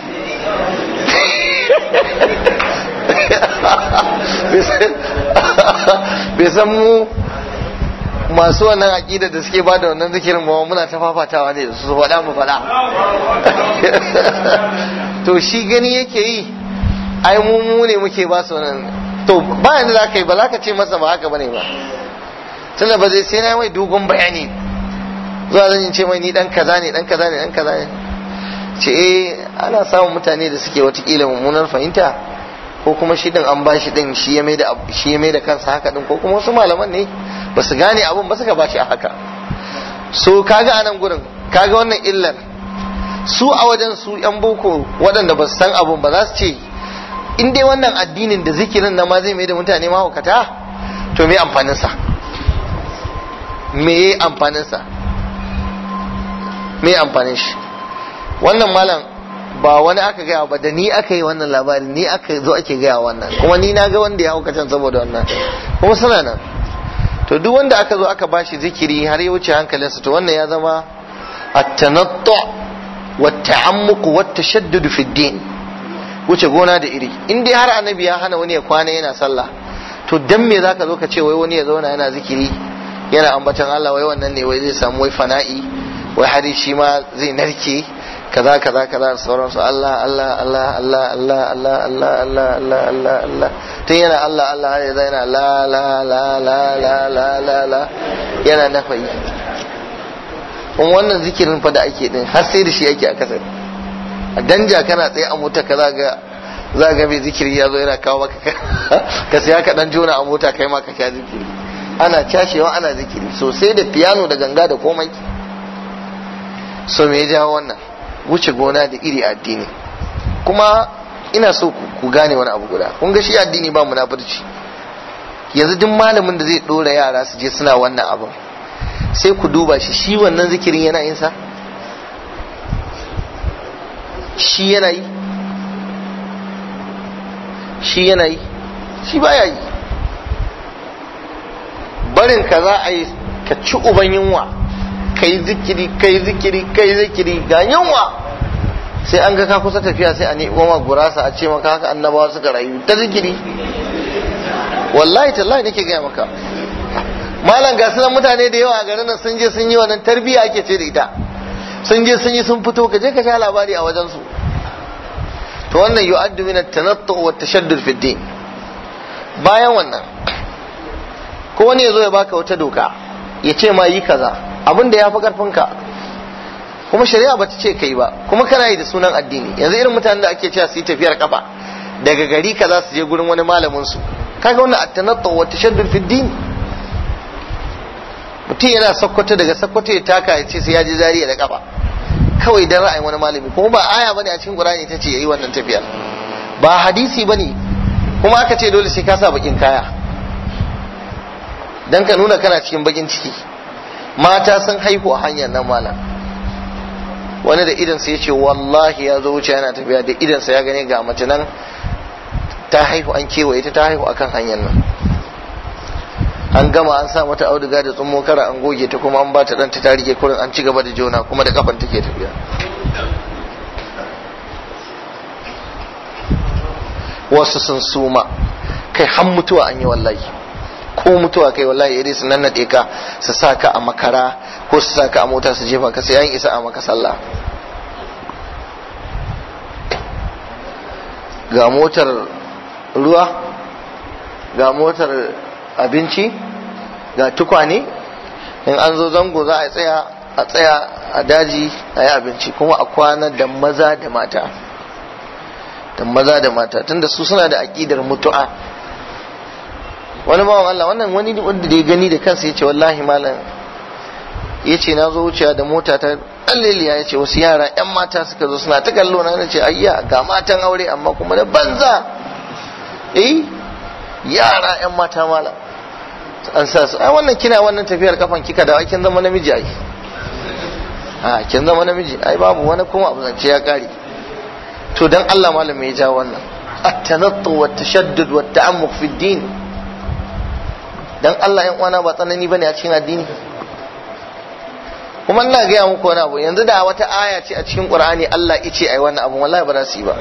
bai san mu masu wannan aƙida da suke ba da wannan zikirin ba muna ta fafatawa ne su faɗa mu faɗa to shi gani yake yi ai mu mu ne muke ba su wannan to bayan da za ka yi ba za ka ce masa ba haka ne ba tunda ba zai sai na mai dogon bayani zuwa zan ce mai ni dan kaza ne dan kaza ne dan kaza ne ce eh ana samun mutane da suke watakila mummunar fahimta ko kuma shi din an bashi din shi ya maida shi ya maida kansa haka din ko kuma wasu malaman ne ba su gane abun ba suka bashi a haka so kaga anan gurin kaga wannan illar su a wajen su yan boko waɗanda ba su san abun ba za su ce in dai wannan addinin da zikirin na ma zai maida mutane mahaukata to me amfaninsa me amfaninsa me amfanin shi wannan malam ba wani aka gaya ba da ni aka yi wannan labari ni aka zo ake gaya wannan kuma ni na ga wanda ya hau kacan saboda wannan kuma suna nan to duk wanda aka zo aka bashi zikiri har ya wuce hankalinsa to wannan ya zama at wata wa ta'ammuq wa tashaddud fi din wuce gona da iri in dai har annabi ya hana wani ya kwana yana sallah to dan me zaka zo ka ce wai wani ya zauna yana zikiri yana ambatan Allah wai wannan ne wai zai samu wai fana'i wai hari shi ma zai narke kaza kaza kaza sauran sauransu Allah Allah Allah Allah Allah Allah Allah Allah Allah Allah Allah tun yana Allah Allah har yanzu yana la la la la la la la la yana nafayi in wannan zikirin fa da ake din har sai da shi ake a kasar a danja kana tsaye a mota ka zaga zaga mai zikiri ya zo yana kawo maka ka sai ka dan jona a mota kai ma ka sha zikiri ana cashewa ana zikiri sosai da piano da ganga da komai so me ya jawo wannan wuce gona da iri addini kuma ina so ku gane wani abu guda kun ga shi addini ba munafurci yanzu duk malamin da zai dora yara su je suna wannan abin sai ku duba shi shi wannan zikirin yana yin sa shi yana yi shi yana yi shi baya yi barin ka za a yi ka ci uban yunwa kai zikiri kai zikiri kai zikiri ga yunwa sai an ga ka kusa tafiya sai a nemo ma gurasa a ce maka haka annabawa suka rayu ta zikiri wallahi tallahi nake gaya maka malam ga sunan mutane da yawa a garin nan sun je sun yi wannan tarbiyya ake ce da ita sun je sun yi sun fito ka je ka sha labari a wajen su to wannan yu'addu min at-tanattu wa at-tashaddud fi din bayan wannan ko wani yazo ya baka wata doka ya ce ma yi kaza abin da ya fi karfinka kuma shari'a ba ta ce kai ba kuma kana yi da sunan addini yanzu irin mutanen da ake cewa su yi tafiyar kafa daga gari kaza su je gurin wani malamin su kaga wannan at wa tashaddud fi din mutum yana sakkwato daga sakkwato ya taka ya ce sai ya je zariya da kafa kawai dan ra'ayin wani malami kuma ba aya bane a cikin qur'ani ta ce yayi wannan tafiyar ba hadisi bane kuma aka ce dole sai ka sa bakin kaya dan ka nuna kana cikin bakin ciki mata sun haihu a hanyar nan malam wani da idansa ya ce wallahi ya zo wuce yana tafiya da idansa ya gani ga mace nan ta haihu an kewaye ta ta haihu akan hanyar nan an gama an sa mata auduga da tsummo kara an goge ta kuma an ba ta ɗanta ta rike kurin an ci gaba da jona kuma da kafan take tafiya wasu sun suma kai har mutuwa an yi wallahi ko mutuwa kai wallahi iri su nannaɗe ka su sa ka a makara ko su sa a mota su jefa ka sai an isa a maka sallah ga motar ruwa ga motar abinci ga tukwane in an zo zango za a tsaya a tsaya a daji a yi abinci kuma a kwana da maza da mata da maza da mata tunda su suna da aƙidar mutu'a wani bawan Allah wannan wani wanda da ya gani da kansa ya ce wallahi malam ya ce na zo wuciya da mota ta ɗaliliya ya ce wasu yara 'yan mata suka zo suna ta kallo na ce ayya ga matan aure amma kuma da banza eh yara 'yan mata malam an sa su ai wannan kina wannan tafiyar kafan kika da kin zama namiji ai a ah, kin zama namiji ai babu wani kuma abu zance ya kare to dan Allah malam ya ja wannan at-tanattu wat tashaddud wat ta'ammuq fi din dan Allah yan uwana ba tsanani bane a cikin addini kuma ina gaya muku wani abu yanzu da wata aya ce a cikin qur'ani Allah yace ai wannan abu wallahi ba za su yi ba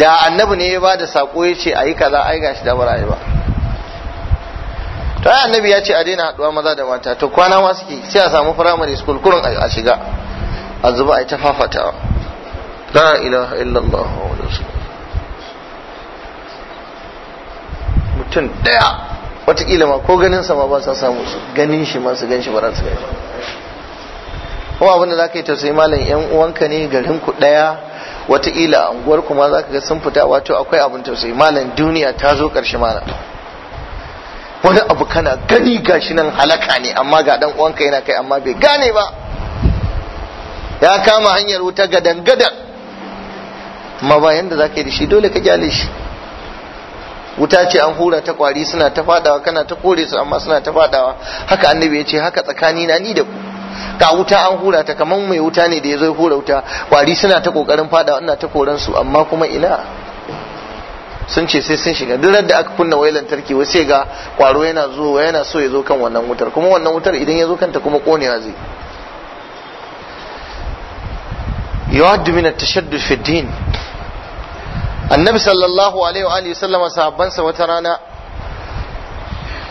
da annabi ne ya ba da sako ya ce ayi kaza ai gashi da barayi ba to annabi ya ce a daina haduwa maza da mata to kwana ma suke sai a samu primary school kurun a shiga a zuba ai ta fafatawa la ilaha illallah wa rasul mutum daya wataƙila ma ko ganin sa ma ba sa samu su ganin shi ma su gan shi ba su gan shi kuma abin da za ka yi tausayi malam yan uwanka ne garin ku ɗaya watakila anguwar ku ma za ka ga sun fita wato akwai abin tausayi malam duniya ta zo ƙarshe malam wani abu kana gani gashi nan halaka ne amma ga dan uwanka yana kai amma bai gane ba ya kama hanyar wuta gadan gadan amma ba yanda za ka yi da shi dole ka gyale shi wuta ce an hura ta kwari suna ta fadawa kana ta kore su amma suna ta fadawa haka annabi ya ce haka tsakani na ni da ku Ka wuta an hura ta kaman mai wuta ne da ya zo hura wuta kwari suna ta kokarin fadawa ina ta koran su amma kuma ina sun ce sai sun shiga duk da aka kunna wayar lantarki wai sai ga kwaro yana zuwa yana so ya zo kan wannan wutar kuma wannan wutar idan ya zo kanta kuma konewa zai يعد من التشدد في annabi sallallahu alaihi wa alihi sallama sahabbansa wata rana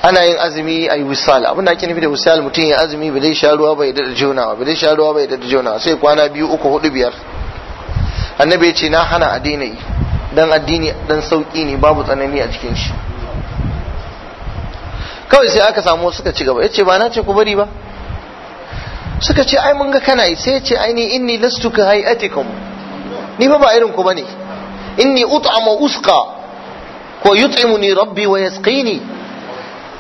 ana yin azumi a yi wisal abin da ake nufi da wisal mutum ya azumi bai dai sha ruwa bai da jonawa bai dai sha ruwa bai da jonawa sai kwana biyu uku hudu biyar annabi ya ce na hana addini yi dan addini dan sauki ne babu tsanani a cikin shi kawai sai aka samu suka ci gaba yace ba na ce ku bari ba suka ce ai mun ga kana yi sai ya ce ai ni inni lastu ka hayatikum ni fa ba irin ku bane inni ut'ama usqa ko yut'imuni rabbi wa yasqini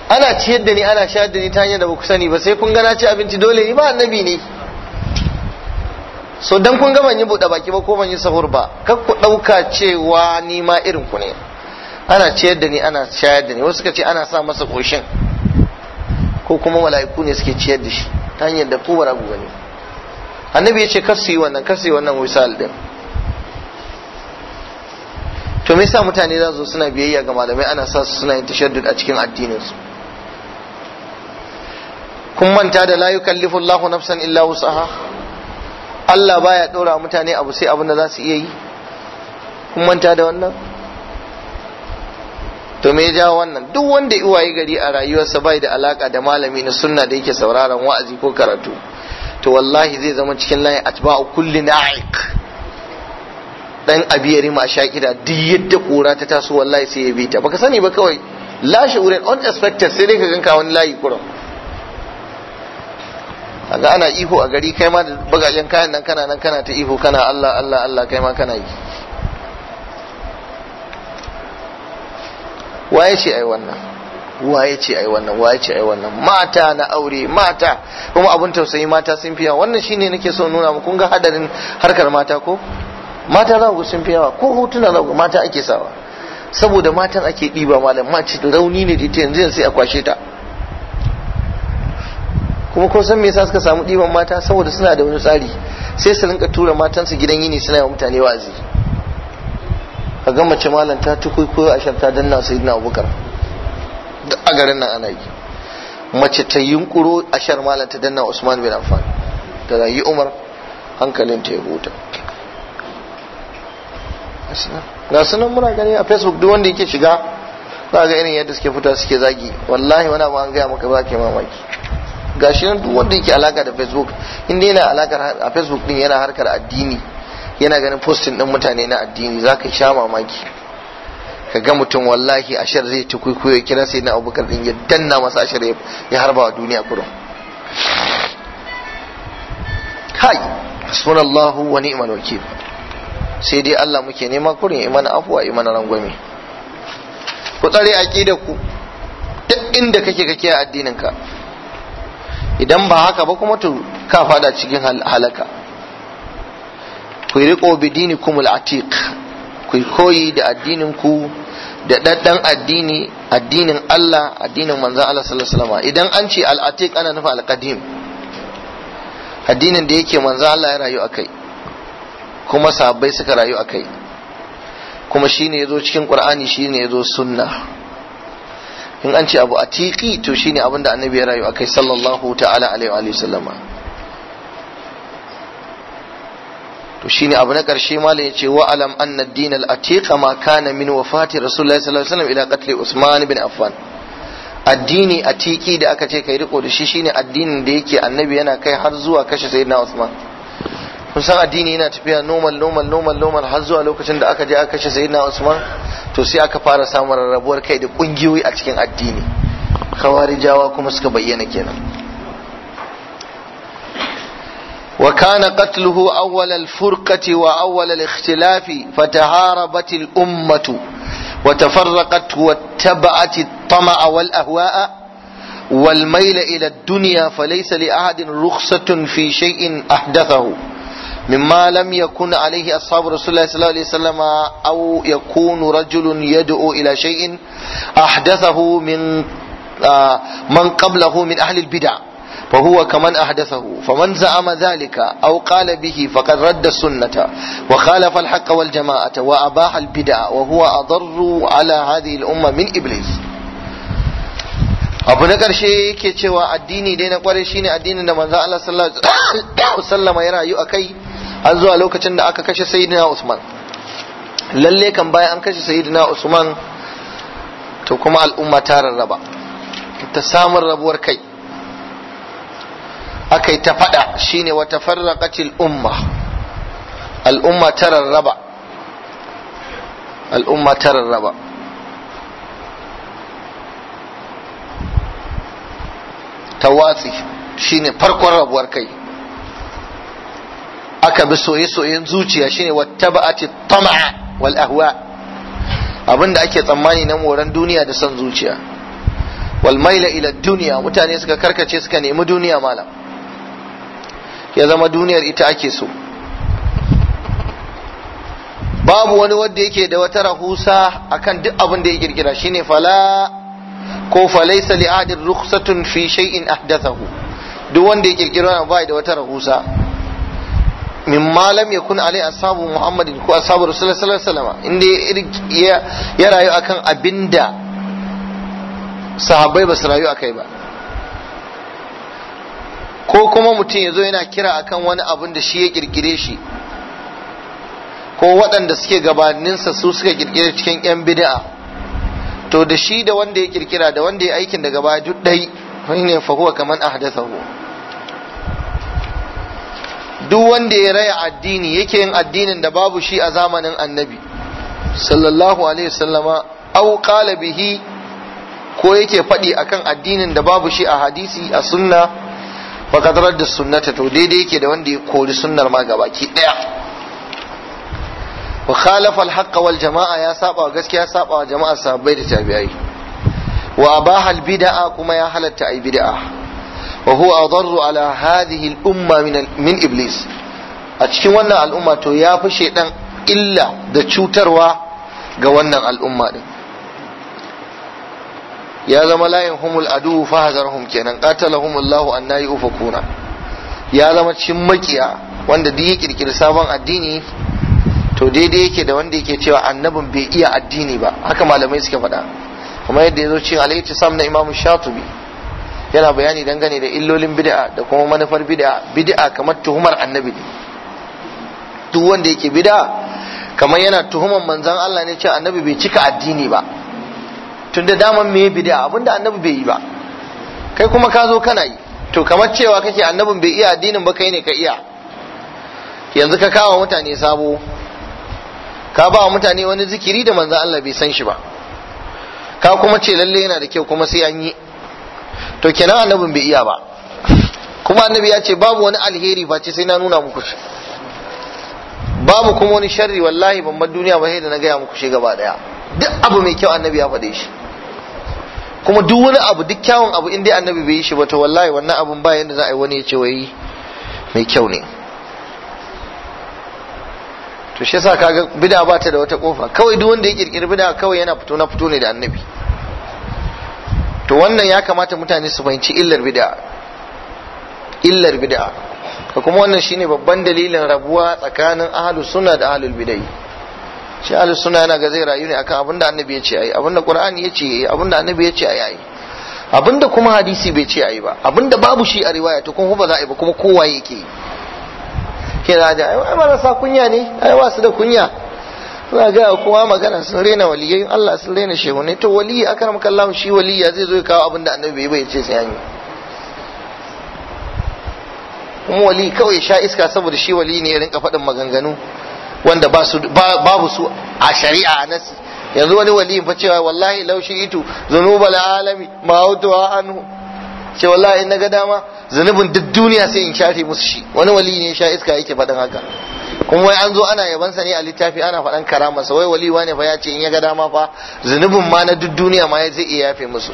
ana ciyar da ni ana shayar da ni ta hanyar da baku sani ba sai kun gana ci abinci dole ni ba annabi ne so dan kun ga yin yi buɗe baki ba ko ban yi sahur ba kar ku ɗauka cewa ni ma irin ku ne ana ciyar da ni ana shayar da ni wasu suka ce ana sa masa koshin ko kuma mala'iku ne suke ciyar da shi ta hanyar da ku ba ku gani annabi ya ce kar su yi wannan kar su yi wannan wisal din to me yasa mutane za su suna biyayya ga malamai ana sa su suna yin tashaddud a cikin addinin su kun manta da la yukallifu Allahu nafsan illa wusaha Allah baya dora mutane abu sai abin da za su iya yi kun manta da wannan to me ja wannan duk wanda iwaye gari a rayuwarsa bai da alaka da malami na sunna da yake sauraron wa'azi ko karatu to wallahi zai zama cikin layin atba'u kulli na'iq dan abiyari ma shakira duk yadda kura ta taso wallahi sai ya bita baka sani ba kawai lashe wurin unexpected sai dai ka ganka wani layi kura kaga ana ihu a gari kai ma da bagajen kayan nan kana nan kana ta ihu kana Allah Allah Allah kai ma kana yi waye ce ai wannan waye ce ai wannan waye ce ai wannan mata na aure mata kuma abun tausayi mata sun fiya wannan shine nake so nuna muku kun ga hadarin harkar mata ko mata za ku sun fi yawa ko hotuna za ku mata ake sawa saboda matan ake ɗiba malam mace rauni ne da ita yanzu sai a kwashe ta kuma ko san me yasa suka samu ɗiban mata saboda suna da wani tsari sai su rinka tura su gidan yini suna yawan mutane wa'azi a ga mace malam ta ci kwaikwayo a shanta danna sayyidina abubakar duk a garin nan ana yi mace ta yunkuro a shar malam ta danna usman bin affan da yi umar hankalin ta ya huta ga sunan muna gani a facebook duk wanda yake shiga za ga irin yadda suke fita suke zagi wallahi wani abu an gaya maka ba ke mamaki gashi nan duk wanda yake alaka da facebook inda yana alakar a facebook din yana harkar addini yana ganin postin din mutane na addini za ka sha mamaki ka ga mutum wallahi ashar zai ci kwaikwayo ya kira sai na abubakar din ya danna masa ashar ya harba wa duniya kurum kai hasbunallahu wa ni'mal wakil sai dai Allah muke nema kurin iman afuwa iman rangwame ku tsare aqida ku duk inda kake kake a addinin ka idan ba haka ba kuma to ka fada cikin halaka ku bi dini kumul atiq ku koyi da addinin ku da daddan addini addinin Allah addinin manzon Allah sallallahu alaihi wasallam idan an ce al atiq ana nufin al qadim addinin da yake manzon Allah ya rayu akai kuma sahabbai suka rayu a kai kuma shine yazo cikin qur'ani shine yazo sunna in an ce abu atiqi to shine abin da annabi ya rayu a kai sallallahu ta'ala alaihi wa sallama to shine abu na karshe malam yace wa alam anna ad-din al-atiq ma kana min wafati rasulullahi sallallahu alaihi wasallam ila qatl usman bin affan addini atiki da aka ce kai riko da shi shine addinin da yake annabi yana kai har zuwa kashe sayyidina usman kun san addini yana tafiya normal normal normal normal har zuwa lokacin da aka je aka kashe sayyidina Usman to sai aka fara samun rarrabuwar kai da kungiyoyi a cikin addini jawa kuma suka bayyana kenan wa kana qatluhu awwal al-furqati wa awwal al-ikhtilafi fataharabat al-ummatu wa tafarraqat wa tabat at-tama'a wal ahwa'a والميل إلى الدنيا فليس لأحد رخصة في شيء أحدثه مما لم يكن عليه أصحاب رسول الله صلى الله عليه وسلم أو يكون رجل يدعو إلى شيء أحدثه من من قبله من أهل البدع فهو كمن أحدثه فمن زعم ذلك أو قال به فقد رد السنة وخالف الحق والجماعة وأباح البدع وهو أضر على هذه الأمة من إبليس abu na ƙarshe yake cewa addini dai na ƙwarai shine addinin da manzo Allah sallallahu alaihi wasallam ya rayu akai har zuwa lokacin da aka kashe sayyidina Usman lalle kan bayan an kashe sayyidina Usman to kuma al'umma ta rarraba ta samun rabuwar kai aka yi ta faɗa shine wata farraƙacil umma al'umma ta rarraba al'umma ta rarraba ta watsi shine farkon rabuwar kai aka bi soye-soyen zuciya shine wattaba'ati tama'a wal ahwa abinda ake tsammani na moran duniya da son zuciya wal maila ila duniya mutane suka karkace suka nemi duniya malam ya zama duniyar ita ake so babu wani wanda yake da wata rahusa akan duk abin da ya girgira shine fala ko falaisa li rukhsatun fi shay'in ahdathahu duk wanda ya girgira ba da wata rahusa min malam ya kun alai ashabu muhammadin ko ashabu rasulullahi sallallahu alaihi wasallam inda ya ya rayu akan abinda sahabbai ba su rayu akai ba ko kuma mutum ya zo yana kira akan wani abin da shi ya kirkire shi ko waɗanda suke gabaninsa su suka kirkire cikin 'yan bida'a, to da shi da wanda ya kirkira da wanda ya aikin daga baya duk ɗai ne fahuwa kamar a ahdathahu duk wanda ya raya addini yake yin addinin da babu shi a zamanin annabi sallallahu alaihi sallama au kala bihi ko yake faɗi akan addinin da babu shi a hadisi a sunna fakadarar da sunnata to daidai yake da wanda ya kori sunnar ma gaba ki ɗaya wa khalafa al wal jama'a ya saba gaskiya saba wa jama'a sahabbai da tabi'ai wa abaha al bid'a kuma ya halatta ai bid'a wa huwa adarru ala hadhihi al-umma min min iblis a cikin wannan al'umma to ya fi shaidan illa da cutarwa ga wannan al'umma din ya zama layin humul adu fahazarhum kenan qatalahum Allah anna yufakuna ya zama cikin makiya wanda duk ya kirkiri sabon addini to daidai yake da wanda yake cewa annabin bai iya addini ba haka malamai suke faɗa kuma yadda ya zo cikin alaihi sam na imamu shatubi yana bayani dangane da illolin bid'a da kuma manufar bid'a bid'a kamar tuhumar annabi ne duk wanda yake bid'a kamar yana tuhumar manzon Allah ne cewa annabi bai cika addini ba tunda daman me bid'a abinda annabi bai yi ba kai kuma ka zo kana yi to kamar cewa kake annabin bai iya addinin ba kai ne ka iya yanzu ka kawo mutane sabo ka ba mutane wani zikiri da manzon Allah bai san shi ba ka kuma ce lalle yana da kyau kuma sai an yi to kenan annabin bai iya ba kuma annabi ya ce babu wani alheri face sai na nuna muku shi babu kuma wani sharri wallahi ban bar duniya ba sai da na gaya muku shi gaba daya duk abu mai kyau annabi ya faɗe shi kuma duk wani abu duk kyawun abu in dai annabi bai yi shi ba to wallahi wannan abun ba yanda za a yi wani ya ce wai mai kyau ne to shi yasa kaga bid'a ba ta da wata kofa kawai duk wanda ya kirkiri bid'a kawai yana fito na fito ne da annabi to wannan ya kamata mutane su fahimci illar bid'a illar bid'a ka kuma wannan shine babban dalilin rabuwa tsakanin ahlus sunna da ahlul bid'ah shi ahlus sunna yana ga zai rayu ne akan abinda annabi ya ce ayi abinda qur'ani ya ce ayi abinda annabi ya ce ayi abinda kuma hadisi bai ce ayi ba abinda babu shi a riwaya to kuma ba za a yi ba kuma kowa yake ke da ai marasa kunya ne ai ba su da kunya za ga kowa magana sun rena waliyai Allah sun rena shehunai to wali waliyi akaram kallahu shi waliya zai zo ya kawo abin da annabi bai ce sai an yi kuma wali kawai sha iska saboda shi wali ne ya rinka faɗin maganganu wanda babu su a shari'a a nasi yanzu wani wali fa cewa wallahi laushi itu zunubal alami ma hutuwa anhu ce wallahi na ga dama zunubin duk duniya sai in shafe musu shi wani wali ne ya sha iska yake faɗin haka kuma wai an zo ana yabansa ne a littafi ana faɗan karamarsa wai waliwa ne fa ya ce in ya ga dama fa zunubin ma na duk duniya ma zai iya yafe musu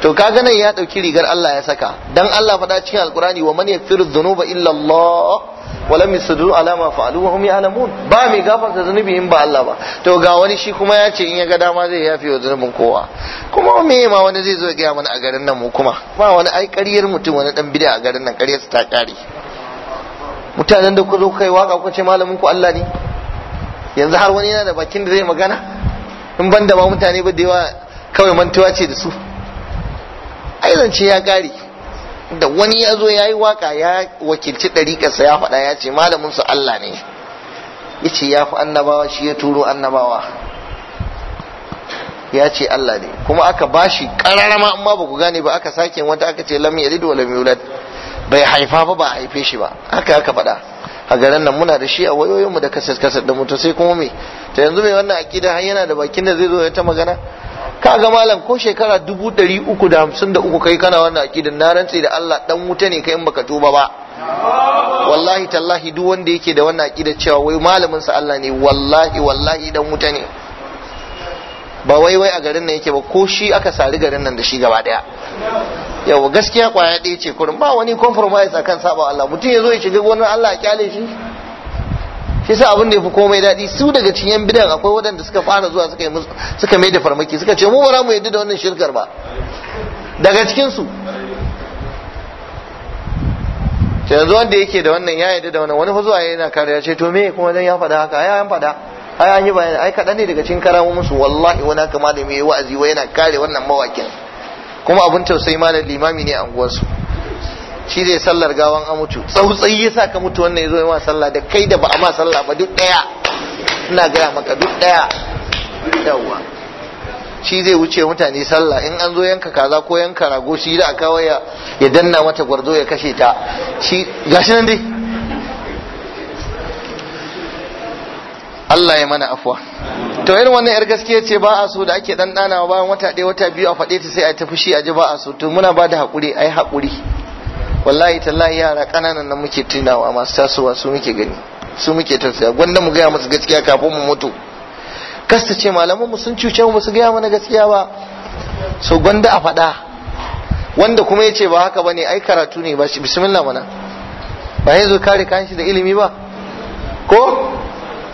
to kaga nan ya ɗauki rigar Allah ya saka dan Allah faɗa cikin alkurani wa man yaghfiru dhunuba illa Allah wa lam yusdu ala ma fa'alu wa hum ya'lamun ba mai gafarta zunubi in ba Allah ba to ga wani shi kuma ya ce in ya ga dama zai yafe wa zunubin kowa kuma me ma wani zai zo ya ga mana a garin nan mu kuma ba wani ai ƙaryar mutum wani dan bid'a a garin nan ƙaryar ta ƙare mutanen da ku zo kai waka ku ce malamin ku Allah ne yanzu har wani yana da bakin da zai magana in ban da ma mutane ba da yawa kawai mantuwa ce da su ai zance ya kare da wani ya zo ya yi waka ya wakilci ɗariƙarsa ya faɗa ya ce malamin su Allah ne ya ya fi annabawa shi ya turo annabawa ya ce Allah ne kuma aka bashi ƙararama amma ba ku gane ba aka sake wata aka ce lam yalid wa lam yulad bai haifa ba ba haife shi ba haka haka faɗa a garin nan muna da shi a wayoyinmu da kasar kasar da mutu sai kuma me ta yanzu mai wannan akida har yana da bakin da zai zo ya ta magana ka ga malam ko shekara dubu ɗari uku da hamsin da uku kai kana wannan akida na rantse da Allah dan wuta ne kai in baka tuba ba wallahi tallahi duk wanda yake da wannan akida cewa wai malamin sa Allah ne wallahi wallahi dan wuta ne ba wai wai a garin nan yake ba ko shi aka sari garin nan da shi gaba daya yawa gaskiya kwaya ɗaya ce kurin ba wani compromise kan saba Allah mutum ya zo ya shiga wani Allah ya kyale shi shi sa abin da ya fi komai daɗi su daga cikin yan bidan akwai waɗanda suka fara zuwa suka yi suka mai da farmaki suka ce mu ba mu yadda da wannan shirkar ba daga cikin su yanzu wanda yake da wannan ya yadda da wannan wani fa zuwa yana kariya ce to me kuma dan ya faɗa haka ya an faɗa ai an yi bayani ai kaɗan ne daga cikin karamu musu wallahi wani haka malami yayi wa'azi wa yana kare wannan mawakin kuma abin tausayi malam limami ne a unguwarsu shi zai sallar gawan a mutu tsautsayi sa ka mutu wannan yazo zo ma sallah da kai da ba a ma sallah ba duk daya ina gaya maka duk daya yawwa shi zai wuce mutane sallah in an zo yanka kaza ko yanka rago shi da aka waya ya danna mata gwarzo ya kashe ta shi gashi nan dai Allah ya mana afuwa to irin wannan yar gaskiya ce ba a so da ake dan dana bayan wata ɗaya wata biyu a faɗe ta sai a tafi shi a ji ba a so to muna bada da haƙuri ai haƙuri wallahi tallahi yara ƙananan nan muke tunawa masu tasowa su muke gani su muke tausaya gwanda mu gaya musu gaskiya kafin mu mutu kasta ce malaman mu sun cuce mu su gaya mana gaskiya ba so gwanda a faɗa wanda kuma ya ce ba haka bane ai karatu ne ba shi bismillah mana ba yanzu kare kanshi da ilimi ba ko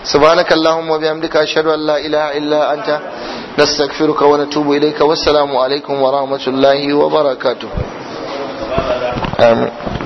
سبحانك اللهم وبحمدك أشهد أن لا إله إلا أنت نستغفرك ونتوب إليك والسلام عليكم ورحمة الله وبركاته آمين